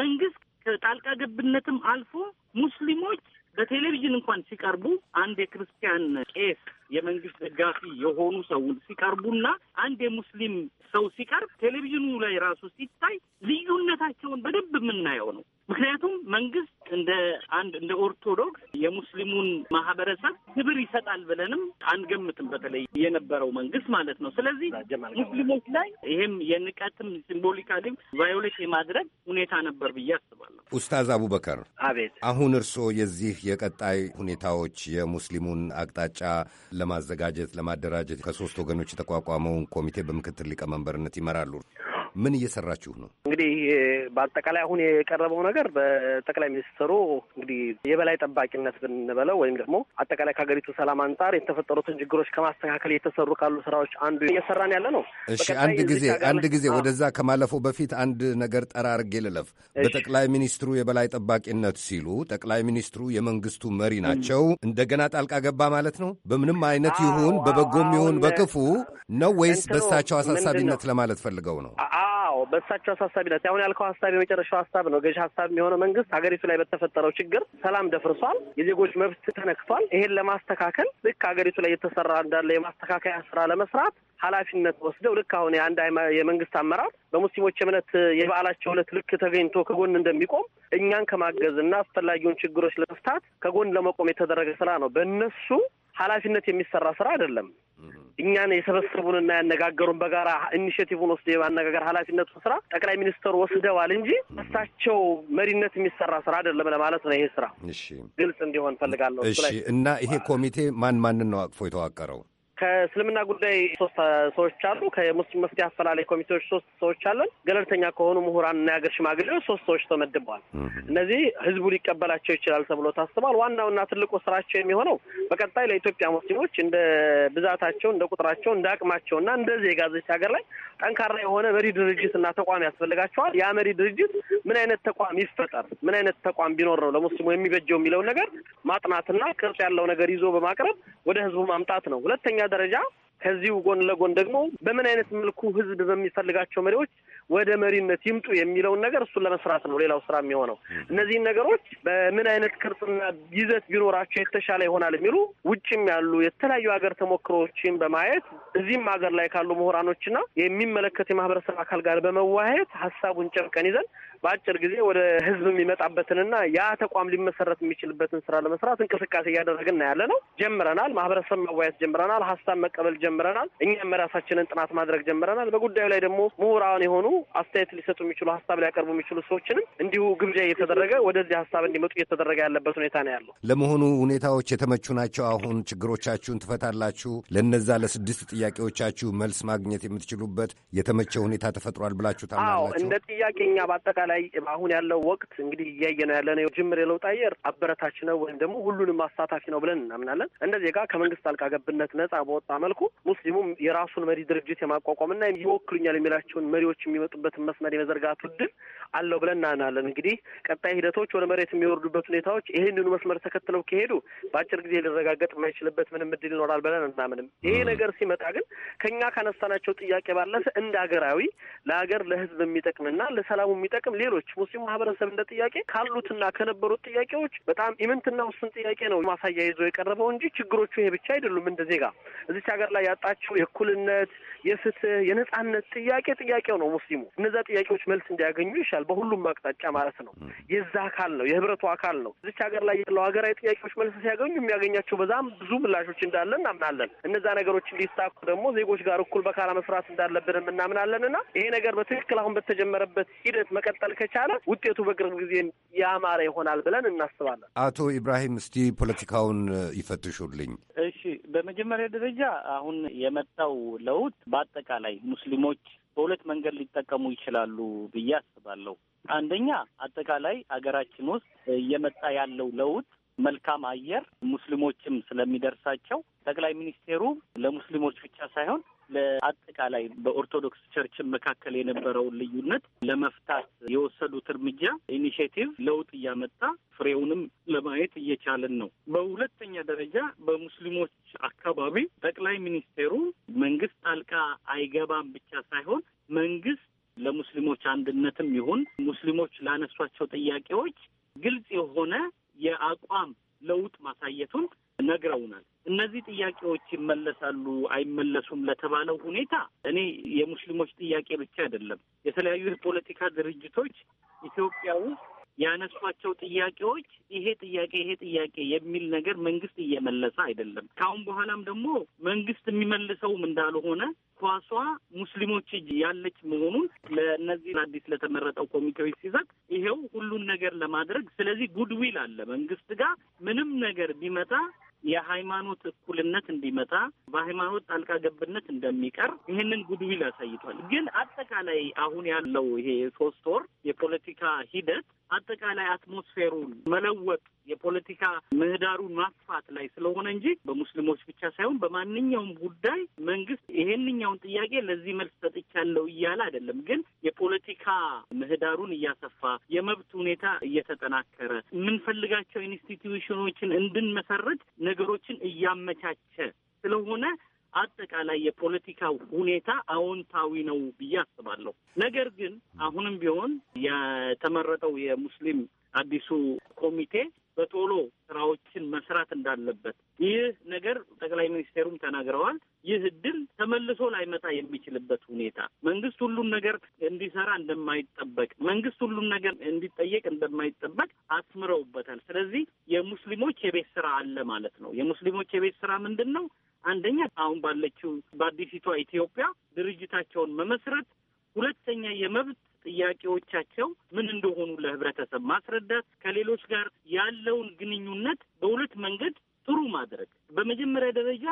መንግስት ከጣልቃ ገብነትም አልፎ ሙስሊሞች በቴሌቪዥን እንኳን ሲቀርቡ አንድ የክርስቲያን ቄስ የመንግስት ደጋፊ የሆኑ ሰው ሲቀርቡና አንድ የሙስሊም ሰው ሲቀርብ ቴሌቪዥኑ ላይ ራሱ ሲታይ ልዩነታቸውን በደንብ የምናየው ነው። ምክንያቱም መንግስት እንደ አንድ እንደ ኦርቶዶክስ የሙስሊሙን ማህበረሰብ ክብር ይሰጣል ብለንም አንገምትም። በተለይ የነበረው መንግስት ማለት ነው። ስለዚህ ሙስሊሞች ላይ ይህም የንቀትም ሲምቦሊካሊም ቫዮሌት የማድረግ ሁኔታ ነበር ብዬ አስባለሁ። ኡስታዝ አቡበከር አቤት። አሁን እርስዎ የዚህ የቀጣይ ሁኔታዎች የሙስሊሙን አቅጣጫ ለማዘጋጀት ለማደራጀት ከሶስት ወገኖች የተቋቋመውን ኮሚቴ በምክትል ሊቀመንበርነት ይመራሉ። ምን እየሰራችሁ ነው? እንግዲህ በአጠቃላይ አሁን የቀረበው ነገር በጠቅላይ ሚኒስትሩ እንግዲህ የበላይ ጠባቂነት ብንበለው ወይም ደግሞ አጠቃላይ ከሀገሪቱ ሰላም አንጻር የተፈጠሩትን ችግሮች ከማስተካከል የተሰሩ ካሉ ስራዎች አንዱ እየሰራን ያለ ነው። እሺ፣ አንድ ጊዜ አንድ ጊዜ ወደዛ ከማለፈው በፊት አንድ ነገር ጠራ አድርጌ ልለፍ። በጠቅላይ ሚኒስትሩ የበላይ ጠባቂነት ሲሉ ጠቅላይ ሚኒስትሩ የመንግስቱ መሪ ናቸው። እንደገና ጣልቃ ገባ ማለት ነው። በምንም አይነት ይሁን በበጎም ይሁን በክፉ ነው ወይስ በሳቸው አሳሳቢነት ለማለት ፈልገው ነው? በእሳቸው አሳሳቢነት አሁን ያልከው ሀሳብ የመጨረሻው ሀሳብ ነው። ገዥ ሀሳብ የሆነው መንግስት ሀገሪቱ ላይ በተፈጠረው ችግር ሰላም ደፍርሷል፣ የዜጎች መብት ተነክቷል። ይሄን ለማስተካከል ልክ ሀገሪቱ ላይ የተሰራ እንዳለ የማስተካከያ ስራ ለመስራት ኃላፊነት ወስደው ልክ አሁን የአንድ የመንግስት አመራር በሙስሊሞች እምነት የበዓላቸው ዕለት ልክ ተገኝቶ ከጎን እንደሚቆም እኛን ከማገዝ እና አስፈላጊውን ችግሮች ለመፍታት ከጎን ለመቆም የተደረገ ስራ ነው። በእነሱ ኃላፊነት የሚሰራ ስራ አይደለም። እኛን የሰበሰቡንና ያነጋገሩን በጋራ ኢኒሽቲቭን ወስደ የማነጋገር ኃላፊነቱን ስራ ጠቅላይ ሚኒስትሩ ወስደዋል እንጂ እሳቸው መሪነት የሚሰራ ስራ አይደለም ለማለት ነው። ይሄ ስራ ግልጽ እንዲሆን ፈልጋለሁ። እሺ። እና ይሄ ኮሚቴ ማን ማንን ነው አቅፎ የተዋቀረው? ከእስልምና ጉዳይ ሶስት ሰዎች አሉ። ከሙስሊም መፍትሄ አፈላላይ ኮሚቴዎች ሶስት ሰዎች አለን። ገለልተኛ ከሆኑ ምሁራን እና የሀገር ሽማግሌዎች ሶስት ሰዎች ተመድበዋል። እነዚህ ህዝቡ ሊቀበላቸው ይችላል ተብሎ ታስቧል። ዋናውና ትልቁ ስራቸው የሚሆነው በቀጣይ ለኢትዮጵያ ሙስሊሞች እንደ ብዛታቸው፣ እንደ ቁጥራቸው፣ እንደ አቅማቸው እና እንደ ዜጋ ዘች ሀገር ላይ ጠንካራ የሆነ መሪ ድርጅት እና ተቋም ያስፈልጋቸዋል። ያ መሪ ድርጅት ምን አይነት ተቋም ይፈጠር፣ ምን አይነት ተቋም ቢኖር ነው ለሙስሊሙ የሚበጀው የሚለውን ነገር ማጥናትና ቅርጽ ያለው ነገር ይዞ በማቅረብ ወደ ህዝቡ ማምጣት ነው። ሁለተኛ ደረጃ ከዚሁ ጎን ለጎን ደግሞ በምን አይነት መልኩ ህዝብ በሚፈልጋቸው መሪዎች ወደ መሪነት ይምጡ የሚለውን ነገር እሱን ለመስራት ነው ሌላው ስራ የሚሆነው። እነዚህን ነገሮች በምን አይነት ቅርጽና ይዘት ቢኖራቸው የተሻለ ይሆናል የሚሉ ውጭም ያሉ የተለያዩ ሀገር ተሞክሮዎችን በማየት እዚህም ሀገር ላይ ካሉ ምሁራኖችና የሚመለከት የማህበረሰብ አካል ጋር በመዋየት ሀሳቡን ጨምቀን ይዘን በአጭር ጊዜ ወደ ህዝብ የሚመጣበትንና ያ ተቋም ሊመሰረት የሚችልበትን ስራ ለመስራት እንቅስቃሴ እያደረግን ነው ያለ ነው። ጀምረናል። ማህበረሰብ መዋየት ጀምረናል። ሀሳብ መቀበል ጀምረናል። እኛም ራሳችንን ጥናት ማድረግ ጀምረናል። በጉዳዩ ላይ ደግሞ ምሁራን የሆኑ አስተያየት ሊሰጡ የሚችሉ ሀሳብ ሊያቀርቡ የሚችሉ ሰዎችንም እንዲሁ ግብዣ እየተደረገ ወደዚህ ሀሳብ እንዲመጡ እየተደረገ ያለበት ሁኔታ ነው ያለው። ለመሆኑ ሁኔታዎች የተመቹ ናቸው? አሁን ችግሮቻችሁን ትፈታላችሁ? ለነዛ ለስድስት ጥያቄዎቻችሁ መልስ ማግኘት የምትችሉበት የተመቸ ሁኔታ ተፈጥሯል ብላችሁ ታምናላችሁ? እንደ ጥያቄ እኛ በአጠቃላይ በተለይ አሁን ያለው ወቅት እንግዲህ እያየ ነው ነው ጅምር የለውጥ አየር አበረታች ነው ወይም ደግሞ ሁሉንም አሳታፊ ነው ብለን እናምናለን። እንደዚህ ጋር ከመንግስት አልቃ ገብነት ነጻ በወጣ መልኩ ሙስሊሙም የራሱን መሪ ድርጅት የማቋቋምና ይወክሉኛል የሚላቸውን መሪዎች የሚመጡበትን መስመር የመዘርጋቱ እድል አለው ብለን እናምናለን። እንግዲህ ቀጣይ ሂደቶች ወደ መሬት የሚወርዱበት ሁኔታዎች ይህንኑ መስመር ተከትለው ከሄዱ በአጭር ጊዜ ሊረጋገጥ የማይችልበት ምንም እድል ይኖራል ብለን እናምንም። ይሄ ነገር ሲመጣ ግን ከኛ ካነሳናቸው ጥያቄ ባለፈ እንደ ሀገራዊ ለሀገር ለህዝብ የሚጠቅምና ለሰላሙ የሚጠቅም ሌሎች ሙስሊም ማህበረሰብ እንደ ጥያቄ ካሉትና ከነበሩት ጥያቄዎች በጣም ኢምንትና ውስን ጥያቄ ነው ማሳያ ይዞ የቀረበው እንጂ ችግሮቹ ይሄ ብቻ አይደሉም። እንደ ዜጋ እዚች ሀገር ላይ ያጣቸው የእኩልነት፣ የፍትህ፣ የነጻነት ጥያቄ ጥያቄው ነው ሙስሊሙ። እነዛ ጥያቄዎች መልስ እንዲያገኙ ይሻል በሁሉም አቅጣጫ ማለት ነው። የዛ አካል ነው፣ የህብረቱ አካል ነው። እዚች ሀገር ላይ ያለው ሀገራዊ ጥያቄዎች መልስ ሲያገኙ የሚያገኛቸው በዛም ብዙ ምላሾች እንዳለ እናምናለን። እነዛ ነገሮች እንዲታኩ ደግሞ ዜጎች ጋር እኩል በካራ መስራት እንዳለብንም እናምናለን እና ይሄ ነገር በትክክል አሁን በተጀመረበት ሂደት መቀጠል መቀጠል ከቻለ ውጤቱ በቅርብ ጊዜ ያማረ ይሆናል ብለን እናስባለን። አቶ ኢብራሂም እስቲ ፖለቲካውን ይፈትሹልኝ። እሺ፣ በመጀመሪያ ደረጃ አሁን የመጣው ለውጥ በአጠቃላይ ሙስሊሞች በሁለት መንገድ ሊጠቀሙ ይችላሉ ብዬ አስባለሁ። አንደኛ አጠቃላይ አገራችን ውስጥ እየመጣ ያለው ለውጥ መልካም አየር ሙስሊሞችም ስለሚደርሳቸው ጠቅላይ ሚኒስቴሩ ለሙስሊሞች ብቻ ሳይሆን ለአጠቃላይ በኦርቶዶክስ ቸርችን መካከል የነበረውን ልዩነት ለመፍታት የወሰዱት እርምጃ ኢኒሽቲቭ ለውጥ እያመጣ ፍሬውንም ለማየት እየቻለን ነው። በሁለተኛ ደረጃ በሙስሊሞች አካባቢ ጠቅላይ ሚኒስቴሩ መንግስት ጣልቃ አይገባም ብቻ ሳይሆን መንግስት ለሙስሊሞች አንድነትም ይሁን ሙስሊሞች ላነሷቸው ጥያቄዎች ግልጽ የሆነ የአቋም ለውጥ ማሳየቱን ነግረውናል። እነዚህ ጥያቄዎች ይመለሳሉ አይመለሱም ለተባለው ሁኔታ እኔ የሙስሊሞች ጥያቄ ብቻ አይደለም። የተለያዩ የፖለቲካ ድርጅቶች ኢትዮጵያ ውስጥ ያነሷቸው ጥያቄዎች ይሄ ጥያቄ ይሄ ጥያቄ የሚል ነገር መንግስት እየመለሰ አይደለም። ከአሁን በኋላም ደግሞ መንግስት የሚመልሰውም እንዳልሆነ ኳሷ ሙስሊሞች እጅ ያለች መሆኑን ለእነዚህ አዲስ ለተመረጠው ኮሚቴዎች ሲሰጥ ይሄው ሁሉን ነገር ለማድረግ ስለዚህ ጉድዊል አለ መንግስት ጋር ምንም ነገር ቢመጣ የሃይማኖት እኩልነት እንዲመጣ በሃይማኖት ጣልቃ ገብነት እንደሚቀር ይህንን ጉድዊል አሳይቷል። ግን አጠቃላይ አሁን ያለው ይሄ የሶስት ወር የፖለቲካ ሂደት አጠቃላይ አትሞስፌሩን መለወጥ የፖለቲካ ምህዳሩን ማስፋት ላይ ስለሆነ እንጂ በሙስሊሞች ብቻ ሳይሆን በማንኛውም ጉዳይ መንግስት ይሄንኛውን ጥያቄ ለዚህ መልስ ሰጥቻለሁ እያለ አይደለም። ግን የፖለቲካ ምህዳሩን እያሰፋ የመብት ሁኔታ እየተጠናከረ የምንፈልጋቸው ኢንስቲትዩሽኖችን እንድንመሰርት ነገሮችን እያመቻቸ ስለሆነ አጠቃላይ የፖለቲካው ሁኔታ አዎንታዊ ነው ብዬ አስባለሁ። ነገር ግን አሁንም ቢሆን የተመረጠው የሙስሊም አዲሱ ኮሚቴ በቶሎ ስራዎችን መስራት እንዳለበት ይህ ነገር ጠቅላይ ሚኒስቴሩም ተናግረዋል። ይህ እድል ተመልሶ ላይመጣ የሚችልበት ሁኔታ መንግስት ሁሉን ነገር እንዲሰራ እንደማይጠበቅ፣ መንግስት ሁሉን ነገር እንዲጠየቅ እንደማይጠበቅ አስምረውበታል። ስለዚህ የሙስሊሞች የቤት ስራ አለ ማለት ነው። የሙስሊሞች የቤት ስራ ምንድን ነው? አንደኛ አሁን ባለችው በአዲሲቷ ኢትዮጵያ ድርጅታቸውን መመስረት፣ ሁለተኛ የመብት ጥያቄዎቻቸው ምን እንደሆኑ ለህብረተሰብ ማስረዳት፣ ከሌሎች ጋር ያለውን ግንኙነት በሁለት መንገድ ጥሩ ማድረግ በመጀመሪያ ደረጃ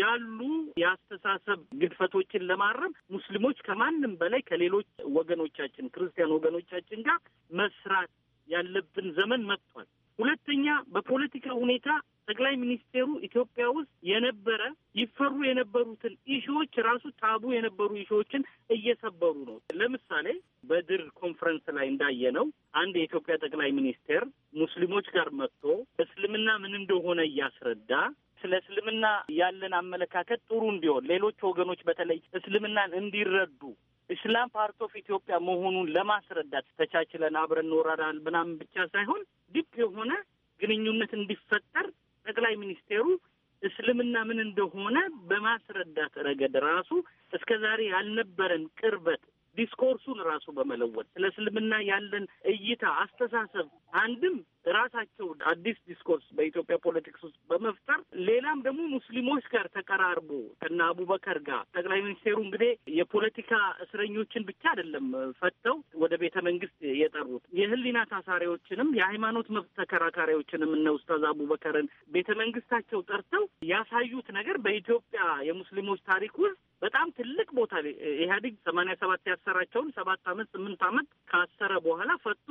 ያሉ የአስተሳሰብ ግድፈቶችን ለማረም ሙስሊሞች ከማንም በላይ ከሌሎች ወገኖቻችን ክርስቲያን ወገኖቻችን ጋር መስራት ያለብን ዘመን መጥቷል። ሁለተኛ በፖለቲካ ሁኔታ ጠቅላይ ሚኒስቴሩ ኢትዮጵያ ውስጥ የነበረ ይፈሩ የነበሩትን ኢሹዎች ራሱ ታቡ የነበሩ ኢሹዎችን እየሰበሩ ነው። ለምሳሌ በድር ኮንፈረንስ ላይ እንዳየነው አንድ የኢትዮጵያ ጠቅላይ ሚኒስቴር ሙስሊሞች ጋር መጥቶ እስልምና ምን እንደሆነ እያስረዳ ስለ እስልምና ያለን አመለካከት ጥሩ እንዲሆን ሌሎች ወገኖች በተለይ እስልምናን እንዲረዱ ኢስላም ፓርት ኦፍ ኢትዮጵያ መሆኑን ለማስረዳት ተቻችለን አብረን እንወራለን ምናምን ብቻ ሳይሆን ድቅ የሆነ ግንኙነት እንዲፈጠር ጠቅላይ ሚኒስቴሩ እስልምና ምን እንደሆነ በማስረዳት ረገድ ራሱ እስከ ዛሬ ያልነበረን ቅርበት ዲስኮርሱን ራሱ በመለወጥ ስለ እስልምና ያለን እይታ፣ አስተሳሰብ አንድም ራሳቸውን አዲስ ዲስኮርስ በኢትዮጵያ ፖለቲክስ ውስጥ በመፍጠር ሌላም ደግሞ ሙስሊሞች ጋር ተቀራርቦ ከነ አቡበከር ጋር ጠቅላይ ሚኒስቴሩ እንግዲህ የፖለቲካ እስረኞችን ብቻ አይደለም ፈተው ወደ ቤተ መንግስት የጠሩት የህሊና ታሳሪዎችንም የሃይማኖት መብት ተከራካሪዎችንም እነ ኡስታዝ አቡበከርን ቤተ መንግስታቸው ጠርተው ያሳዩት ነገር በኢትዮጵያ የሙስሊሞች ታሪክ ውስጥ በጣም ትልቅ ቦታ ኢህአዴግ ሰማንያ ሰባት ያሰራቸውን ሰባት አመት ስምንት አመት ካሰረ በኋላ ፈቶ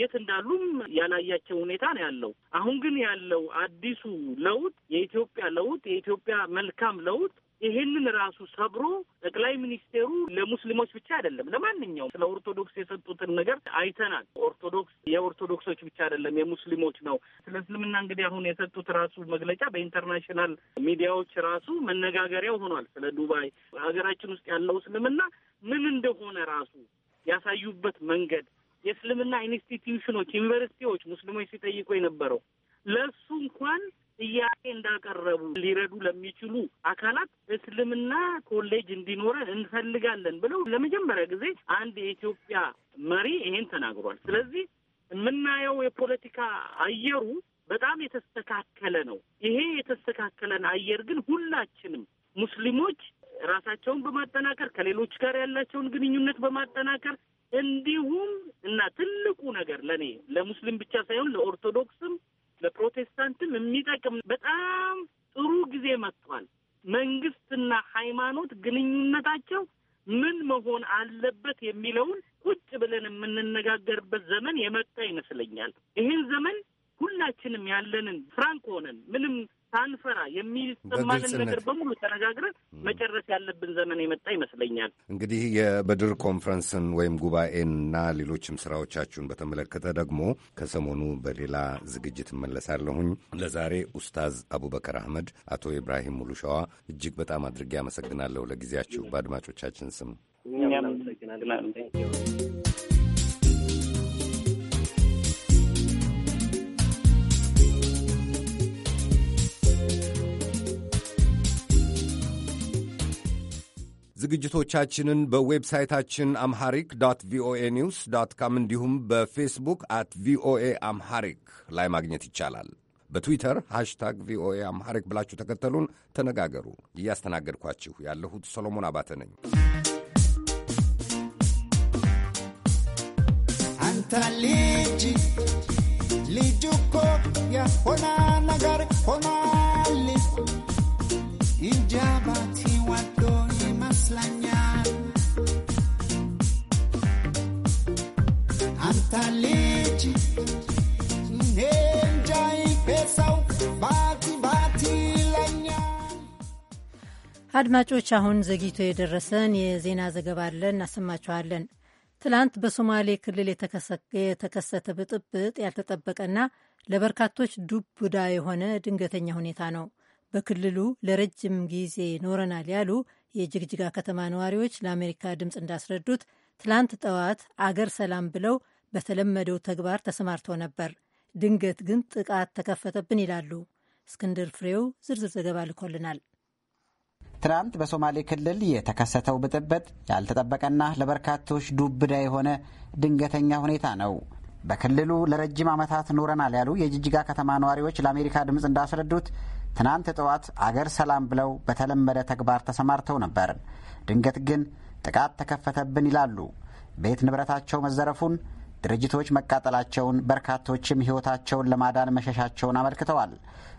የት እንዳሉም ያላያቸው ሁኔታ ነው ያለው። አሁን ግን ያለው አዲሱ ለውጥ የኢትዮጵያ ለውጥ የኢትዮጵያ መልካም ለውጥ ይሄንን ራሱ ሰብሮ ጠቅላይ ሚኒስቴሩ ለሙስሊሞች ብቻ አይደለም ለማንኛውም ስለ ኦርቶዶክስ የሰጡትን ነገር አይተናል። ኦርቶዶክስ የኦርቶዶክሶች ብቻ አይደለም የሙስሊሞች ነው። ስለ እስልምና እንግዲህ አሁን የሰጡት ራሱ መግለጫ በኢንተርናሽናል ሚዲያዎች ራሱ መነጋገሪያው ሆኗል። ስለ ዱባይ ሀገራችን ውስጥ ያለው እስልምና ምን እንደሆነ ራሱ ያሳዩበት መንገድ የእስልምና ኢንስቲትዩሽኖች፣ ዩኒቨርሲቲዎች ሙስሊሞች ሲጠይቁ የነበረው ለእሱ እንኳን ጥያቄ እንዳቀረቡ ሊረዱ ለሚችሉ አካላት እስልምና ኮሌጅ እንዲኖረን እንፈልጋለን ብለው ለመጀመሪያ ጊዜ አንድ የኢትዮጵያ መሪ ይሄን ተናግሯል። ስለዚህ የምናየው የፖለቲካ አየሩ በጣም የተስተካከለ ነው። ይሄ የተስተካከለን አየር ግን ሁላችንም ሙስሊሞች ራሳቸውን በማጠናከር ከሌሎች ጋር ያላቸውን ግንኙነት በማጠናከር እንዲሁም እና ትልቁ ነገር ለእኔ ለሙስሊም ብቻ ሳይሆን ለኦርቶዶክስም ለፕሮቴስታንትም የሚጠቅም በጣም ጥሩ ጊዜ መጥቷል። መንግስትና ሃይማኖት ግንኙነታቸው ምን መሆን አለበት የሚለውን ቁጭ ብለን የምንነጋገርበት ዘመን የመጣ ይመስለኛል። ይህን ዘመን ሁላችንም ያለንን ፍራንክ ሆነን ምንም ሳንፈራ የሚሰማንን ነገር በሙሉ ተነጋግረን መጨረስ ያለብን ዘመን የመጣ ይመስለኛል። እንግዲህ የበድር ኮንፈረንስን ወይም ጉባኤንና ሌሎችም ስራዎቻችሁን በተመለከተ ደግሞ ከሰሞኑ በሌላ ዝግጅት እመለሳለሁኝ። ለዛሬ ኡስታዝ አቡበከር አህመድ፣ አቶ ኢብራሂም ሙሉሸዋ እጅግ በጣም አድርጌ አመሰግናለሁ ለጊዜያችሁ በአድማጮቻችን ስም። እኛም አመሰግናለን። ዝግጅቶቻችንን በዌብሳይታችን አምሐሪክ ዶት ቪኦኤ ኒውስ ዶት ካም እንዲሁም በፌስቡክ አት ቪኦኤ አምሐሪክ ላይ ማግኘት ይቻላል። በትዊተር ሃሽታግ ቪኦኤ አምሐሪክ ብላችሁ ተከተሉን፣ ተነጋገሩ። እያስተናገድኳችሁ ያለሁት ሰሎሞን አባተ ነኝ። አንተ ልጅ እኮ የሆነ ነገር ሆናል እንጃ አንተ ልጅ አድማጮች አሁን ዘግይቶ የደረሰን የዜና ዘገባ አለን፣ እናሰማችኋለን። ትላንት በሶማሌ ክልል የተከሰተ ብጥብጥ ያልተጠበቀና ለበርካቶች ዱብ የሆነ ድንገተኛ ሁኔታ ነው። በክልሉ ለረጅም ጊዜ ኖረናል ያሉ የጅግጅጋ ከተማ ነዋሪዎች ለአሜሪካ ድምፅ እንዳስረዱት ትላንት ጠዋት አገር ሰላም ብለው በተለመደው ተግባር ተሰማርተው ነበር። ድንገት ግን ጥቃት ተከፈተብን ይላሉ። እስክንድር ፍሬው ዝርዝር ዘገባ ልኮልናል። ትናንት በሶማሌ ክልል የተከሰተው ብጥብጥ ያልተጠበቀና ለበርካቶች ዱብ የሆነ ድንገተኛ ሁኔታ ነው። በክልሉ ለረጅም ዓመታት ኖረናል ያሉ የጅጅጋ ከተማ ነዋሪዎች ለአሜሪካ ድምፅ እንዳስረዱት ትናንት ጠዋት አገር ሰላም ብለው በተለመደ ተግባር ተሰማርተው ነበር። ድንገት ግን ጥቃት ተከፈተብን ይላሉ። ቤት ንብረታቸው መዘረፉን፣ ድርጅቶች መቃጠላቸውን፣ በርካቶችም ሕይወታቸውን ለማዳን መሸሻቸውን አመልክተዋል።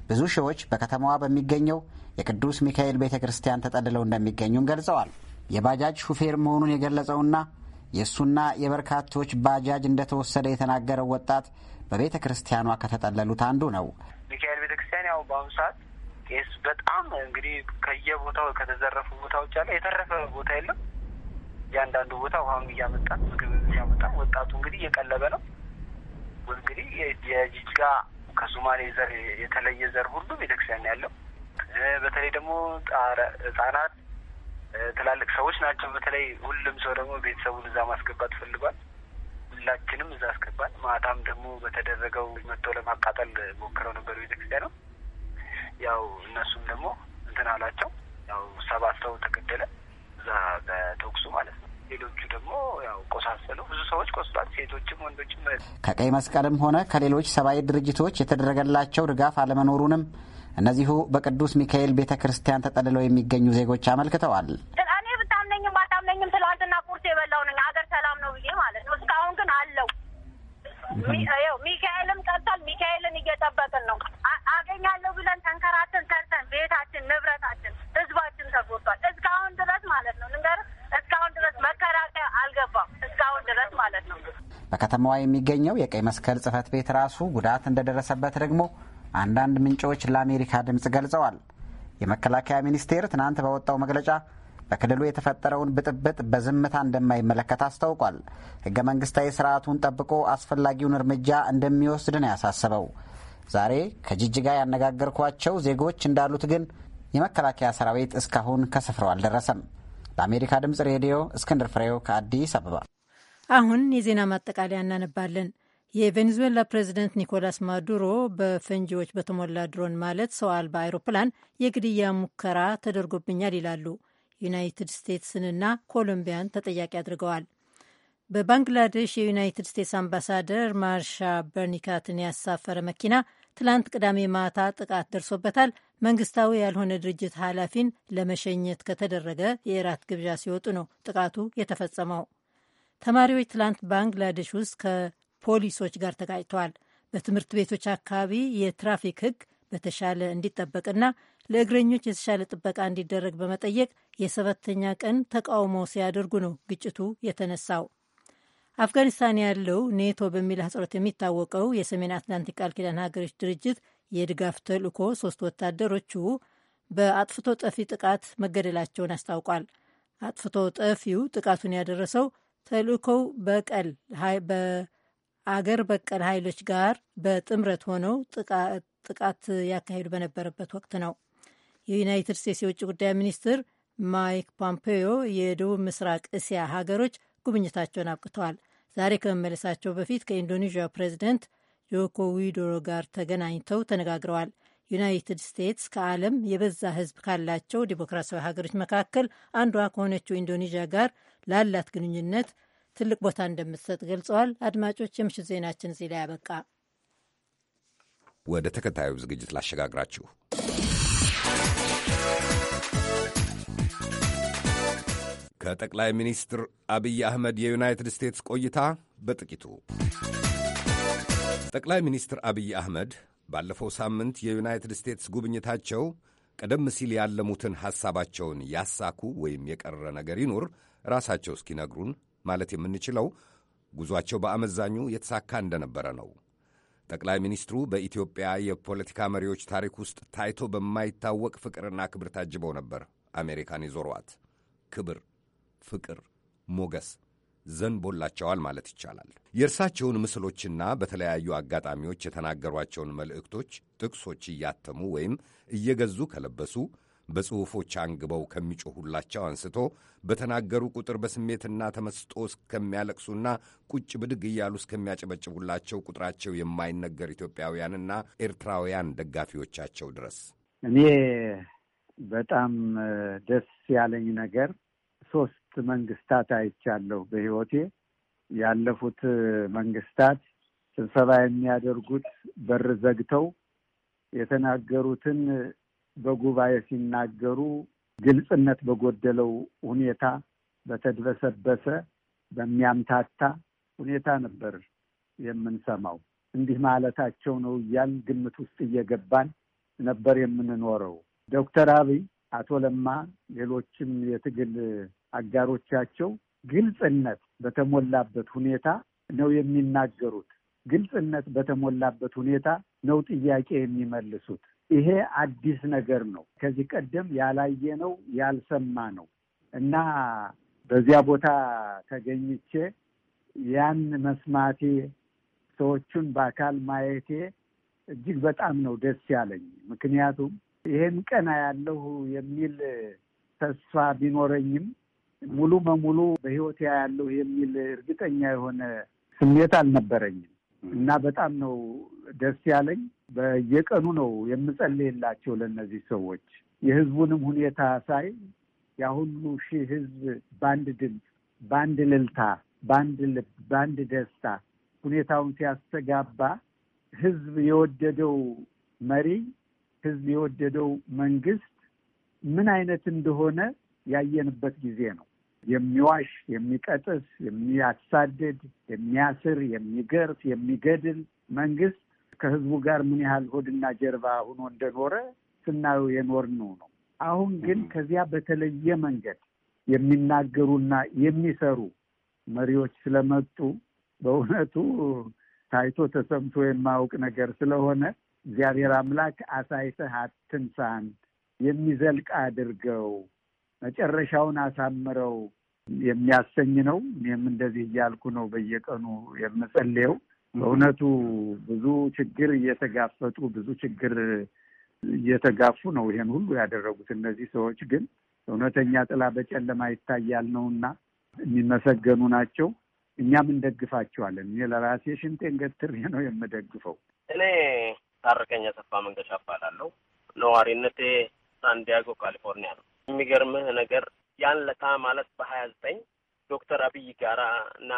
ብዙ ሺዎች በከተማዋ በሚገኘው የቅዱስ ሚካኤል ቤተ ክርስቲያን ተጠልለው እንደሚገኙም ገልጸዋል። የባጃጅ ሹፌር መሆኑን የገለጸውና የእሱና የበርካቶች ባጃጅ እንደተወሰደ የተናገረው ወጣት በቤተ ክርስቲያኗ ከተጠለሉት አንዱ ነው። ሚካኤል ቤተ ያው በአሁኑ ሰዓት ቄስ በጣም እንግዲህ ከየቦታው ከተዘረፉ ቦታዎች አለ የተረፈ ቦታ የለም። እያንዳንዱ ቦታ ውሃም እያመጣ ምግብ እያመጣ ወጣቱ እንግዲህ እየቀለበ ነው። እንግዲህ የጂጅጋ ከሶማሌ ዘር የተለየ ዘር ሁሉ ቤተክርስቲያን ያለው በተለይ ደግሞ ህጻናት፣ ትላልቅ ሰዎች ናቸው። በተለይ ሁሉም ሰው ደግሞ ቤተሰቡን እዛ ማስገባት ፈልጓል። ሁላችንም እዛ አስገባል። ማታም ደግሞ በተደረገው መጥቶ ለማቃጠል ሞክረው ነበር ቤተክርስቲያኑ ያው እነሱም ደግሞ እንትን አላቸው። ያው ሰባት ሰው ተገደለ እዛ በተኩሱ ማለት ነው። ሌሎቹ ደግሞ ያው ቆሳሰሉ። ብዙ ሰዎች ቆስሏል፣ ሴቶችም ወንዶችም። ከቀይ መስቀልም ሆነ ከሌሎች ሰብአዊ ድርጅቶች የተደረገላቸው ድጋፍ አለመኖሩንም እነዚሁ በቅዱስ ሚካኤል ቤተ ክርስቲያን ተጠልለው የሚገኙ ዜጎች አመልክተዋል። እኔ ብታምነኝም ባታምነኝም ትላንትና ቁርስ የበላው ነኝ አገር ሰላም ነው ብዬ ማለት ነው። እስካሁን ግን አለው። ሚካኤልም ቀርቷል። ሚካኤልን እየጠበቅን ነው። በከተማዋ የሚገኘው የቀይ መስቀል ጽህፈት ቤት ራሱ ጉዳት እንደደረሰበት ደግሞ አንዳንድ ምንጮች ለአሜሪካ ድምፅ ገልጸዋል። የመከላከያ ሚኒስቴር ትናንት በወጣው መግለጫ በክልሉ የተፈጠረውን ብጥብጥ በዝምታ እንደማይመለከት አስታውቋል። ህገ መንግስታዊ ስርዓቱን ጠብቆ አስፈላጊውን እርምጃ እንደሚወስድ ነው ያሳሰበው። ዛሬ ከጅጅጋ ያነጋገርኳቸው ዜጎች እንዳሉት ግን የመከላከያ ሰራዊት እስካሁን ከስፍራው አልደረሰም። ለአሜሪካ ድምፅ ሬዲዮ እስክንድር ፍሬው ከአዲስ አበባ አሁን የዜና ማጠቃለያ እናነባለን። የቬኔዙዌላ ፕሬዚደንት ኒኮላስ ማዱሮ በፈንጂዎች በተሞላ ድሮን ማለት ሰው አልባ አይሮፕላን የግድያ ሙከራ ተደርጎብኛል ይላሉ። ዩናይትድ ስቴትስንና ኮሎምቢያን ተጠያቂ አድርገዋል። በባንግላዴሽ የዩናይትድ ስቴትስ አምባሳደር ማርሻ በርኒካትን ያሳፈረ መኪና ትላንት ቅዳሜ ማታ ጥቃት ደርሶበታል። መንግስታዊ ያልሆነ ድርጅት ኃላፊን ለመሸኘት ከተደረገ የእራት ግብዣ ሲወጡ ነው ጥቃቱ የተፈጸመው። ተማሪዎች ትላንት ባንግላዴሽ ውስጥ ከፖሊሶች ጋር ተጋጭተዋል። በትምህርት ቤቶች አካባቢ የትራፊክ ሕግ በተሻለ እንዲጠበቅና ለእግረኞች የተሻለ ጥበቃ እንዲደረግ በመጠየቅ የሰባተኛ ቀን ተቃውሞ ሲያደርጉ ነው ግጭቱ የተነሳው። አፍጋኒስታን ያለው ኔቶ በሚል አህጽሮት የሚታወቀው የሰሜን አትላንቲክ ቃል ኪዳን ሀገሮች ድርጅት የድጋፍ ተልእኮ ሶስት ወታደሮቹ በአጥፍቶ ጠፊ ጥቃት መገደላቸውን አስታውቋል። አጥፍቶ ጠፊው ጥቃቱን ያደረሰው ተልእኮው በቀል በአገር በቀል ኃይሎች ጋር በጥምረት ሆነው ጥቃት ያካሄዱ በነበረበት ወቅት ነው። የዩናይትድ ስቴትስ የውጭ ጉዳይ ሚኒስትር ማይክ ፖምፔዮ የደቡብ ምስራቅ እስያ ሀገሮች ጉብኝታቸውን አብቅተዋል። ዛሬ ከመመለሳቸው በፊት ከኢንዶኔዥያ ፕሬዚደንት ጆኮ ዊዶሮ ጋር ተገናኝተው ተነጋግረዋል። ዩናይትድ ስቴትስ ከዓለም የበዛ ሕዝብ ካላቸው ዲሞክራሲያዊ ሀገሮች መካከል አንዷ ከሆነችው ኢንዶኔዥያ ጋር ላላት ግንኙነት ትልቅ ቦታ እንደምትሰጥ ገልጸዋል። አድማጮች፣ የምሽት ዜናችን እዚህ ላይ ያበቃ። ወደ ተከታዩ ዝግጅት ላሸጋግራችሁ። ከጠቅላይ ሚኒስትር አብይ አህመድ የዩናይትድ ስቴትስ ቆይታ በጥቂቱ ጠቅላይ ሚኒስትር አብይ አህመድ ባለፈው ሳምንት የዩናይትድ ስቴትስ ጉብኝታቸው ቀደም ሲል ያለሙትን ሐሳባቸውን ያሳኩ ወይም የቀረ ነገር ይኑር ራሳቸው እስኪነግሩን ማለት የምንችለው ጉዟቸው በአመዛኙ የተሳካ እንደነበረ ነው። ጠቅላይ ሚኒስትሩ በኢትዮጵያ የፖለቲካ መሪዎች ታሪክ ውስጥ ታይቶ በማይታወቅ ፍቅርና ክብር ታጅበው ነበር አሜሪካን የዞሯት። ክብር፣ ፍቅር፣ ሞገስ ዘንቦላቸዋል ማለት ይቻላል። የእርሳቸውን ምስሎችና በተለያዩ አጋጣሚዎች የተናገሯቸውን መልእክቶች ጥቅሶች እያተሙ ወይም እየገዙ ከለበሱ በጽሑፎች አንግበው ከሚጮሁላቸው አንስቶ በተናገሩ ቁጥር በስሜትና ተመስጦ እስከሚያለቅሱና ቁጭ ብድግ እያሉ እስከሚያጨበጭቡላቸው ቁጥራቸው የማይነገር ኢትዮጵያውያንና ኤርትራውያን ደጋፊዎቻቸው ድረስ እኔ በጣም ደስ ያለኝ ነገር ሶስት መንግስታት አይቻለሁ በህይወቴ ያለፉት መንግስታት ስብሰባ የሚያደርጉት በር ዘግተው የተናገሩትን በጉባኤ ሲናገሩ ግልጽነት በጎደለው ሁኔታ በተድበሰበሰ በሚያምታታ ሁኔታ ነበር የምንሰማው። እንዲህ ማለታቸው ነው እያል ግምት ውስጥ እየገባን ነበር የምንኖረው። ዶክተር አብይ፣ አቶ ለማ፣ ሌሎችም የትግል አጋሮቻቸው ግልጽነት በተሞላበት ሁኔታ ነው የሚናገሩት። ግልጽነት በተሞላበት ሁኔታ ነው ጥያቄ የሚመልሱት። ይሄ አዲስ ነገር ነው። ከዚህ ቀደም ያላየ ነው፣ ያልሰማ ነው እና በዚያ ቦታ ተገኝቼ ያን መስማቴ ሰዎቹን በአካል ማየቴ እጅግ በጣም ነው ደስ ያለኝ። ምክንያቱም ይሄን ቀና ያለሁ የሚል ተስፋ ቢኖረኝም ሙሉ በሙሉ በሕይወት ያለሁ የሚል እርግጠኛ የሆነ ስሜት አልነበረኝም እና በጣም ነው ደስ ያለኝ። በየቀኑ ነው የምጸልይላቸው ለእነዚህ ሰዎች። የህዝቡንም ሁኔታ ሳይ ያሁሉ ሺ ሺህ ህዝብ በአንድ ድምፅ፣ በአንድ ልልታ በአንድ ልብ፣ በአንድ ደስታ ሁኔታውን ሲያስተጋባ ህዝብ የወደደው መሪ፣ ህዝብ የወደደው መንግስት ምን አይነት እንደሆነ ያየንበት ጊዜ ነው። የሚዋሽ የሚቀጥስ፣ የሚያሳድድ፣ የሚያስር፣ የሚገርፍ፣ የሚገድል መንግስት ከህዝቡ ጋር ምን ያህል ሆድና ጀርባ ሆኖ እንደኖረ ስናየው የኖርነው ነው። አሁን ግን ከዚያ በተለየ መንገድ የሚናገሩና የሚሰሩ መሪዎች ስለመጡ በእውነቱ ታይቶ ተሰምቶ የማያውቅ ነገር ስለሆነ እግዚአብሔር አምላክ አሳይተህ አትንሳን፣ የሚዘልቅ አድርገው፣ መጨረሻውን አሳምረው የሚያሰኝ ነው። እኔም እንደዚህ እያልኩ ነው በየቀኑ የምጸልየው። በእውነቱ ብዙ ችግር እየተጋፈጡ ብዙ ችግር እየተጋፉ ነው ይሄን ሁሉ ያደረጉት። እነዚህ ሰዎች ግን እውነተኛ ጥላ በጨለማ ይታያል ነውና የሚመሰገኑ ናቸው። እኛም እንደግፋቸዋለን። እኔ ለራሴ ሽንጤን ገትሬ ነው የምደግፈው። እኔ ታረቀኝ ሰፋ መንገሻ እባላለሁ። ነዋሪነቴ ሳንዲያጎ ካሊፎርኒያ ነው። የሚገርምህ ነገር ያን ለታ ማለት በሀያ ዘጠኝ ዶክተር አብይ ጋራ እና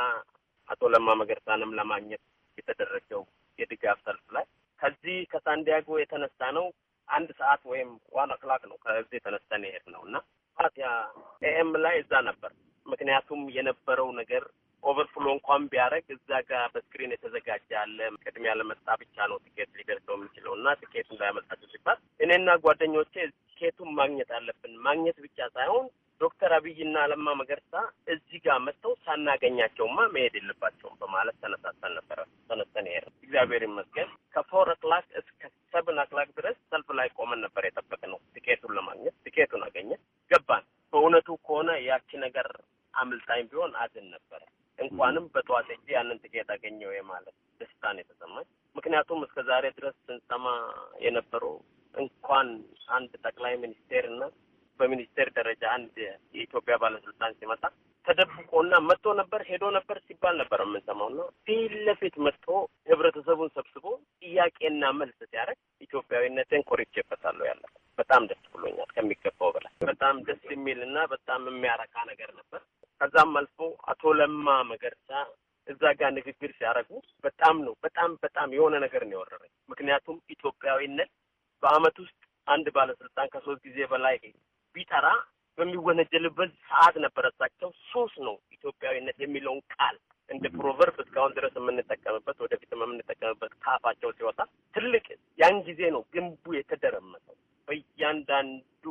አቶ ለማ መገርሳንም ለማግኘት የተደረገው የድጋፍ ሰልፍ ላይ ከዚህ ከሳንዲያጎ የተነሳ ነው። አንድ ሰዓት ወይም ዋን ኦክላክ ነው ከዚህ የተነስተን የሄድ ነው እና ኤኤም ላይ እዛ ነበር። ምክንያቱም የነበረው ነገር ኦቨርፍሎ እንኳን ቢያደርግ እዛ ጋር በስክሪን የተዘጋጀ አለ። ቅድሚያ ለመጣ ብቻ ነው ትኬት ሊደርሰው የሚችለው እና ትኬቱ እንዳያመልጣቸው ሲባል እኔና ጓደኞቼ ትኬቱን ማግኘት አለብን። ማግኘት ብቻ ሳይሆን ዶክተር አብይና ለማ መገርሳ እዚህ ጋር መጥተው ሳናገኛቸውማ መሄድ የለባቸውም በማለት ተነሳስተን ነበረ። ተነስተን ሄር እግዚአብሔር ይመስገን ከፎር ክላክ እስከ ሰብን አክላክ ድረስ ሰልፍ ላይ ቆመን ነበር የጠበቅነው ትኬቱን ለማግኘት። ትኬቱን አገኘ ገባን። በእውነቱ ከሆነ ያቺ ነገር አምልጣኝ ቢሆን አድን ነበረ። እንኳንም በጠዋት እጅ ያንን ትኬት አገኘው የማለት ደስታን የተሰማኝ ምክንያቱም እስከ ዛሬ ድረስ ስንሰማ የነበረው እንኳን አንድ ጠቅላይ ሚኒስቴር እና በሚኒስቴር ደረጃ አንድ የኢትዮጵያ ባለስልጣን ሲመጣ ተደብቆና መጥቶ ነበር ሄዶ ነበር ሲባል ነበር የምንሰማውና ፊት ለፊት መጥቶ ህብረተሰቡን ሰብስቦ ጥያቄና መልስ ሲያደርግ ኢትዮጵያዊነትን ቆርጬበታለሁ ያለ በጣም ደስ ብሎኛል። ከሚገባው በላይ በጣም ደስ የሚልና በጣም የሚያረካ ነገር ነበር። ከዛም አልፎ አቶ ለማ መገርሳ እዛ ጋር ንግግር ሲያደርጉ በጣም ነው በጣም በጣም የሆነ ነገር ነው የወረረኝ። ምክንያቱም ኢትዮጵያዊነት በአመት ውስጥ አንድ ባለስልጣን ከሶስት ጊዜ በላይ ቢጠራ በሚወነጀልበት ሰዓት ነበረ። እሳቸው ሶስት ነው ኢትዮጵያዊነት የሚለውን ቃል እንደ ፕሮቨርብ እስካሁን ድረስ የምንጠቀምበት ወደፊት የምንጠቀምበት ከአፋቸው ሲወጣ ትልቅ ያን ጊዜ ነው ግንቡ የተደረመሰው። በእያንዳንዱ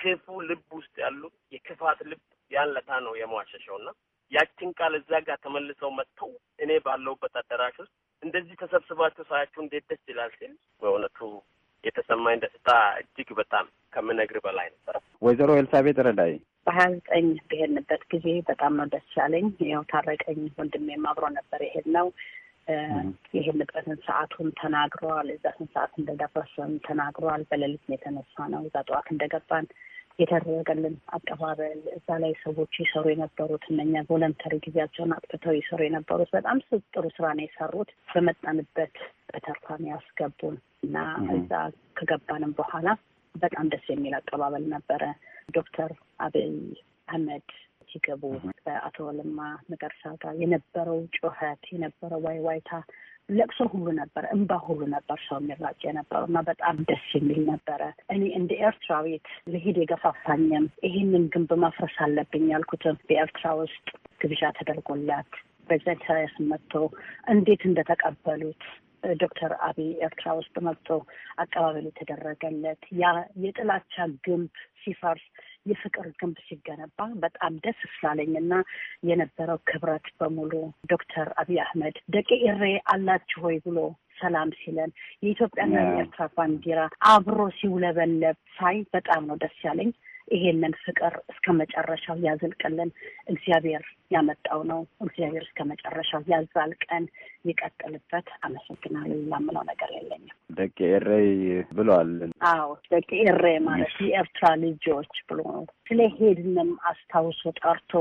ክፉ ልብ ውስጥ ያሉ የክፋት ልብ ያን ለታ ነው የመዋሸሸውና ያችን ቃል እዛ ጋር ተመልሰው መጥተው እኔ ባለውበት አዳራሽ ውስጥ እንደዚህ ተሰብስባችሁ ሳያችሁ እንዴት ደስ ይላል ሲል በእውነቱ የተሰማኝ ደስታ እጅግ በጣም ከምነግር በላይ ነበረ። ወይዘሮ ኤልሳቤጥ ረዳይ በሀያ ዘጠኝ ብሄድንበት ጊዜ በጣም ነው ደስ ያለኝ። ያው ታረቀኝ ወንድሜም አብሮ ነበር የሄድ ነው። የሄድንበትን ሰዓቱን ተናግሯል። እዛትን ሰዓት እንደደረሰን ተናግሯል። በሌሊት የተነሳ ነው። እዛ ጠዋት እንደገባን የተደረገልን አቀባበል እዛ ላይ ሰዎች ይሰሩ የነበሩት እነኛ ቮለንተሪ ጊዜያቸውን አጥፍተው ይሰሩ የነበሩት በጣም ጥሩ ስራ ነው የሰሩት። በመጣንበት በተርፋን ያስገቡን እና እዛ ከገባንም በኋላ በጣም ደስ የሚል አቀባበል ነበረ። ዶክተር አብይ አህመድ ሲገቡ ከአቶ ለማ መገርሳ ጋር የነበረው ጩኸት የነበረው ዋይታ ለቅሶ ሁሉ ነበረ፣ እንባ ሁሉ ነበር ሰው የሚራጭ የነበረው እና በጣም ደስ የሚል ነበረ። እኔ እንደ ኤርትራዊት ልሄድ የገፋፋኝም ይሄንን ግንብ ማፍረስ አለብኝ ያልኩትም በኤርትራ ውስጥ ግብዣ ተደርጎላት በዛ መጥቶ እንዴት እንደተቀበሉት ዶክተር አብይ ኤርትራ ውስጥ መጥቶ አቀባበል የተደረገለት ያ የጥላቻ ግንብ ሲፈርስ የፍቅር ግንብ ሲገነባ በጣም ደስ ስላለኝ እና የነበረው ክብረት በሙሉ ዶክተር አብይ አህመድ ደቂ ኢሬ አላችሁ ሆይ ብሎ ሰላም ሲለን የኢትዮጵያና የኤርትራ ባንዲራ አብሮ ሲውለበለብ ሳይ በጣም ነው ደስ ያለኝ። ይሄንን ፍቅር እስከ መጨረሻው ያዝልቅልን። እግዚአብሔር ያመጣው ነው። እግዚአብሔር እስከ መጨረሻው ያዛልቀን፣ ይቀጥልበት። አመሰግናለሁ። ላምለው ነገር የለኝም። ደቂ ኤሬ ብሏል። አዎ ደቂ ኤሬ ማለት የኤርትራ ልጆች ብሎ ነው። ስለ ሄድንም አስታውሶ ጠርቶ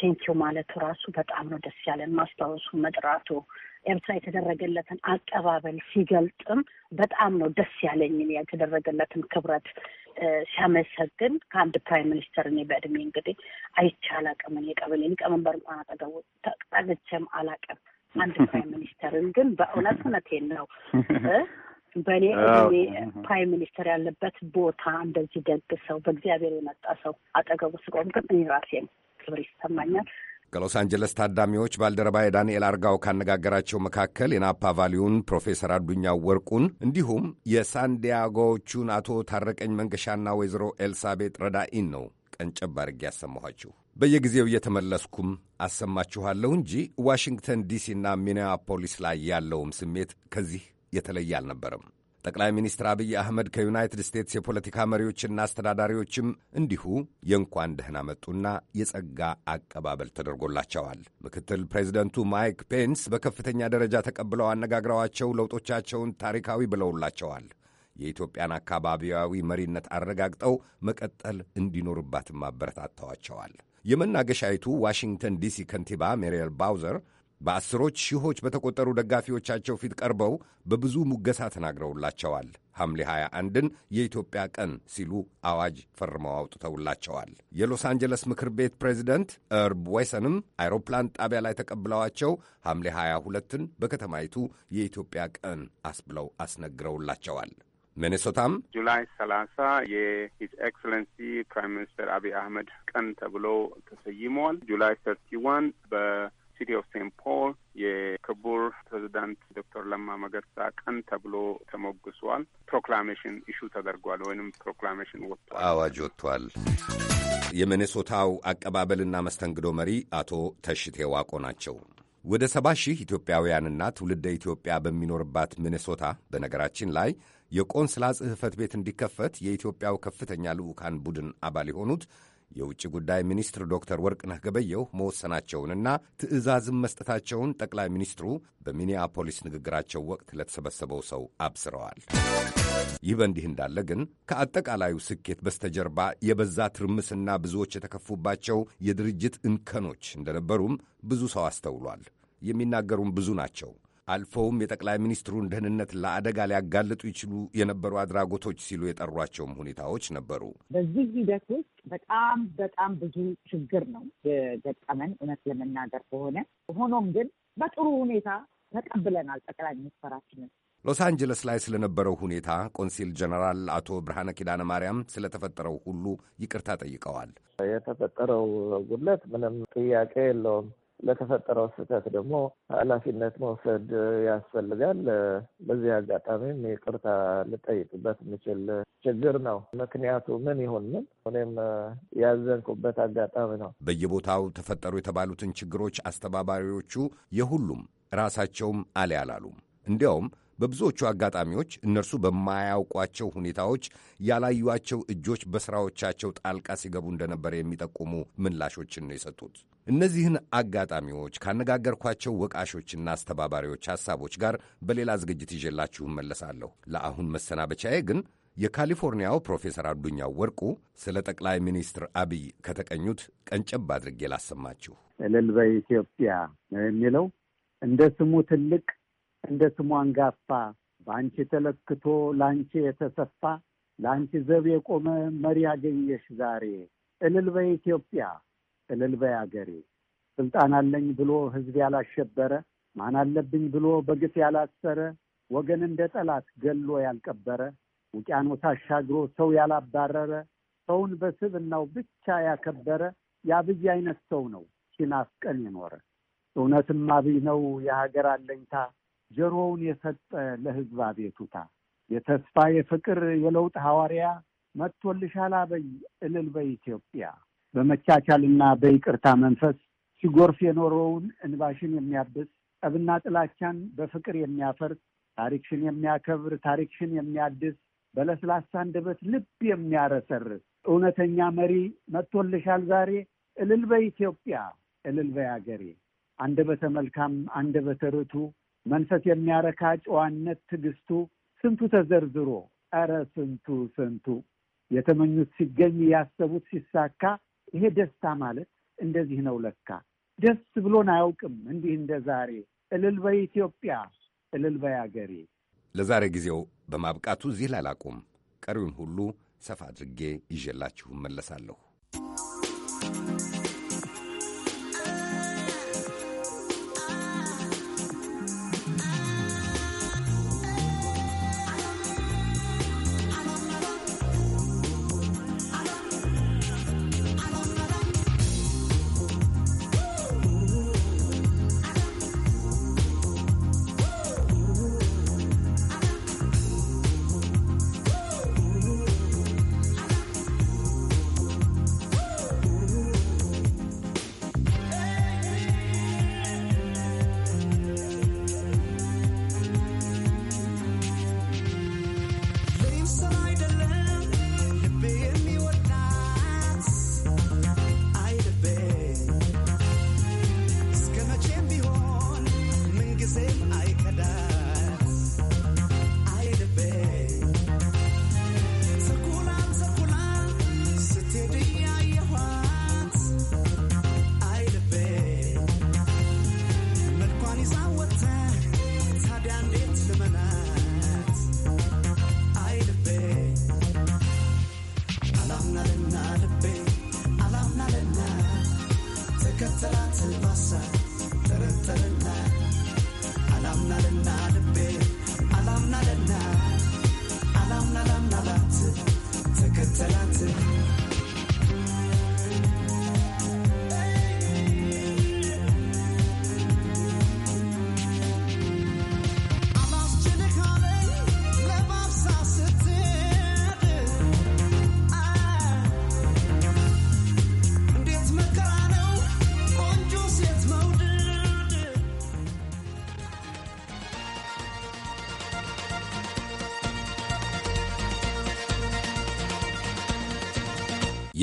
ቴንኪው ማለቱ ራሱ በጣም ነው ደስ ያለን። ማስታውሱ መጥራቱ ኤርትራ የተደረገለትን አቀባበል ሲገልጥም በጣም ነው ደስ ያለኝን የተደረገለትን ክብረት ሲያመሰግን ከአንድ ፕራይም ሚኒስተር እኔ በእድሜ እንግዲህ አይቼ አላውቅም። እኔ ቀበሌ ሊቀመንበር እንኳን አጠገቡ ተጠግቼም አላውቅም። አንድ (laughs) ፕራይም ሚኒስተርን ግን በእውነት እውነቴን ነው (laughs) በእኔ እድሜ ፕራይም ሚኒስተር ያለበት ቦታ እንደዚህ ደግ ሰው በእግዚአብሔር የመጣ ሰው አጠገቡ ስቆም ግን እኔ ራሴን ክብር ይሰማኛል። ከሎስ አንጀለስ ታዳሚዎች ባልደረባ የዳንኤል አርጋው ካነጋገራቸው መካከል የናፓ ቫሊውን ፕሮፌሰር አዱኛ ወርቁን እንዲሁም የሳንዲያጎዎቹን አቶ ታረቀኝ መንገሻና ወይዘሮ ኤልሳቤጥ ረዳኢን ነው ቀንጨብ አድርጌ ያሰማኋችሁ። በየጊዜው እየተመለስኩም አሰማችኋለሁ እንጂ ዋሽንግተን ዲሲና ሚኒያፖሊስ ላይ ያለውም ስሜት ከዚህ የተለየ አልነበረም። ጠቅላይ ሚኒስትር አብይ አህመድ ከዩናይትድ ስቴትስ የፖለቲካ መሪዎችና አስተዳዳሪዎችም እንዲሁ የእንኳን ደህና መጡና የጸጋ አቀባበል ተደርጎላቸዋል። ምክትል ፕሬዚደንቱ ማይክ ፔንስ በከፍተኛ ደረጃ ተቀብለው አነጋግረዋቸው ለውጦቻቸውን ታሪካዊ ብለውላቸዋል። የኢትዮጵያን አካባቢያዊ መሪነት አረጋግጠው መቀጠል እንዲኖርባትም አበረታተዋቸዋል። የመናገሻይቱ ዋሽንግተን ዲሲ ከንቲባ ሜሪየል ባውዘር በአስሮች ሺዎች በተቆጠሩ ደጋፊዎቻቸው ፊት ቀርበው በብዙ ሙገሳ ተናግረውላቸዋል። ሐምሌ 21ን የኢትዮጵያ ቀን ሲሉ አዋጅ ፈርመው አውጥተውላቸዋል። የሎስ አንጀለስ ምክር ቤት ፕሬዚደንት እርብ ወይሰንም አይሮፕላን ጣቢያ ላይ ተቀብለዋቸው ሐምሌ 22ን በከተማይቱ የኢትዮጵያ ቀን አስብለው አስነግረውላቸዋል። ሚኒሶታም ጁላይ ሰላሳ የሂዝ ኤክሰለንሲ ፕራይም ሚኒስትር አብይ አህመድ ቀን ተብሎ ተሰይመዋል። ጁላይ ሰርቲ ዋን በ ሲቲ ኦፍ ሴንት ፖል የክቡር ፕሬዚዳንት ዶክተር ለማ መገርሳ ቀን ተብሎ ተሞግሷል። ፕሮክላሜሽን ኢሹ ተደርጓል ወይንም ፕሮክላሜሽን ወጥቷል፣ አዋጅ ወጥቷል። የሚኔሶታው አቀባበልና መስተንግዶ መሪ አቶ ተሽቴ ዋቆ ናቸው። ወደ ሰባ ሺህ ኢትዮጵያውያንና ትውልደ ኢትዮጵያ በሚኖርባት ሚኔሶታ በነገራችን ላይ የቆንስላ ጽሕፈት ቤት እንዲከፈት የኢትዮጵያው ከፍተኛ ልዑካን ቡድን አባል የሆኑት የውጭ ጉዳይ ሚኒስትር ዶክተር ወርቅነህ ገበየሁ መወሰናቸውንና ትዕዛዝም መስጠታቸውን ጠቅላይ ሚኒስትሩ በሚኒያፖሊስ ንግግራቸው ወቅት ለተሰበሰበው ሰው አብስረዋል። ይህ በእንዲህ እንዳለ ግን ከአጠቃላዩ ስኬት በስተጀርባ የበዛ ትርምስና ብዙዎች የተከፉባቸው የድርጅት እንከኖች እንደነበሩም ብዙ ሰው አስተውሏል። የሚናገሩም ብዙ ናቸው። አልፈውም የጠቅላይ ሚኒስትሩን ደህንነት ለአደጋ ሊያጋልጡ ይችሉ የነበሩ አድራጎቶች ሲሉ የጠሯቸውም ሁኔታዎች ነበሩ። በዚህ ሂደት ውስጥ በጣም በጣም ብዙ ችግር ነው የገጠመን እውነት ለመናገር ከሆነ። ሆኖም ግን በጥሩ ሁኔታ ተቀብለናል ጠቅላይ ሚኒስትራችንን። ሎስ አንጀለስ ላይ ስለነበረው ሁኔታ ቆንሲል ጀነራል አቶ ብርሃነ ኪዳነ ማርያም ስለተፈጠረው ሁሉ ይቅርታ ጠይቀዋል። የተፈጠረው ጉድለት ምንም ጥያቄ የለውም። ለተፈጠረው ስህተት ደግሞ ኃላፊነት መውሰድ ያስፈልጋል። በዚህ አጋጣሚም ይቅርታ ልጠይቅበት የምችል ችግር ነው። ምክንያቱ ምን ይሁን ምን እኔም ያዘንኩበት አጋጣሚ ነው። በየቦታው ተፈጠሩ የተባሉትን ችግሮች አስተባባሪዎቹ የሁሉም ራሳቸውም አሌ አላሉም። እንዲያውም በብዙዎቹ አጋጣሚዎች እነርሱ በማያውቋቸው ሁኔታዎች ያላዩቸው እጆች በሥራዎቻቸው ጣልቃ ሲገቡ እንደነበረ የሚጠቁሙ ምላሾችን ነው የሰጡት። እነዚህን አጋጣሚዎች ካነጋገርኳቸው ወቃሾችና አስተባባሪዎች ሐሳቦች ጋር በሌላ ዝግጅት ይዤላችሁ መለሳለሁ። ለአሁን መሰናበቻዬ ግን የካሊፎርኒያው ፕሮፌሰር አዱኛው ወርቁ ስለ ጠቅላይ ሚኒስትር አብይ ከተቀኙት ቀንጨብ አድርጌ ላሰማችሁ። እልል በኢትዮጵያ ነው የሚለው። እንደ ስሙ ትልቅ እንደ ስሙ አንጋፋ፣ በአንቺ ተለክቶ ለአንቺ የተሰፋ፣ ለአንቺ ዘብ የቆመ መሪ ያገኘሽ ዛሬ። እልል በኢትዮጵያ እልል በይ አገሬ። ስልጣን አለኝ ብሎ ህዝብ ያላሸበረ፣ ማን አለብኝ ብሎ በግፍ ያላሰረ፣ ወገን እንደ ጠላት ገሎ ያልቀበረ፣ ውቅያኖስ አሻግሮ ሰው ያላባረረ፣ ሰውን በስብናው ብቻ ያከበረ የአብይ አይነት ሰው ነው ሲናፍቀን የኖረ። እውነትም አብይ ነው የሀገር አለኝታ፣ ጆሮውን የሰጠ ለህዝብ አቤቱታ፣ የተስፋ የፍቅር የለውጥ ሐዋርያ መጥቶልሻል አበይ እልል በይ ኢትዮጵያ። በመቻቻልና በይቅርታ መንፈስ ሲጎርፍ የኖረውን እንባሽን የሚያብስ ጠብና ጥላቻን በፍቅር የሚያፈርስ ታሪክሽን የሚያከብር ታሪክሽን የሚያድስ በለስላሳ አንደበት ልብ የሚያረሰርስ እውነተኛ መሪ መጥቶልሻል ዛሬ። እልል በኢትዮጵያ እልል በያገሬ አገሬ። አንደበተ መልካም አንደበተ ርቱ መንፈስ የሚያረካ ጨዋነት ትዕግስቱ ስንቱ ተዘርዝሮ ኧረ ስንቱ ስንቱ የተመኙት ሲገኝ ያሰቡት ሲሳካ ይሄ ደስታ ማለት እንደዚህ ነው ለካ። ደስ ብሎን አያውቅም እንዲህ እንደ ዛሬ። እልል በይ ኢትዮጵያ፣ እልል በይ አገሬ። ለዛሬ ጊዜው በማብቃቱ እዚህ ላላቁም፣ ቀሪውን ሁሉ ሰፋ አድርጌ ይዤላችሁ እመለሳለሁ።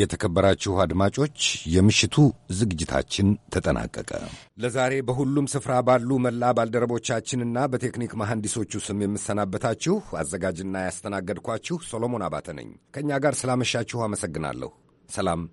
የተከበራችሁ አድማጮች፣ የምሽቱ ዝግጅታችን ተጠናቀቀ። ለዛሬ በሁሉም ስፍራ ባሉ መላ ባልደረቦቻችንና በቴክኒክ መሐንዲሶቹ ስም የምሰናበታችሁ አዘጋጅና ያስተናገድኳችሁ ሶሎሞን አባተ ነኝ። ከእኛ ጋር ስላመሻችሁ አመሰግናለሁ። ሰላም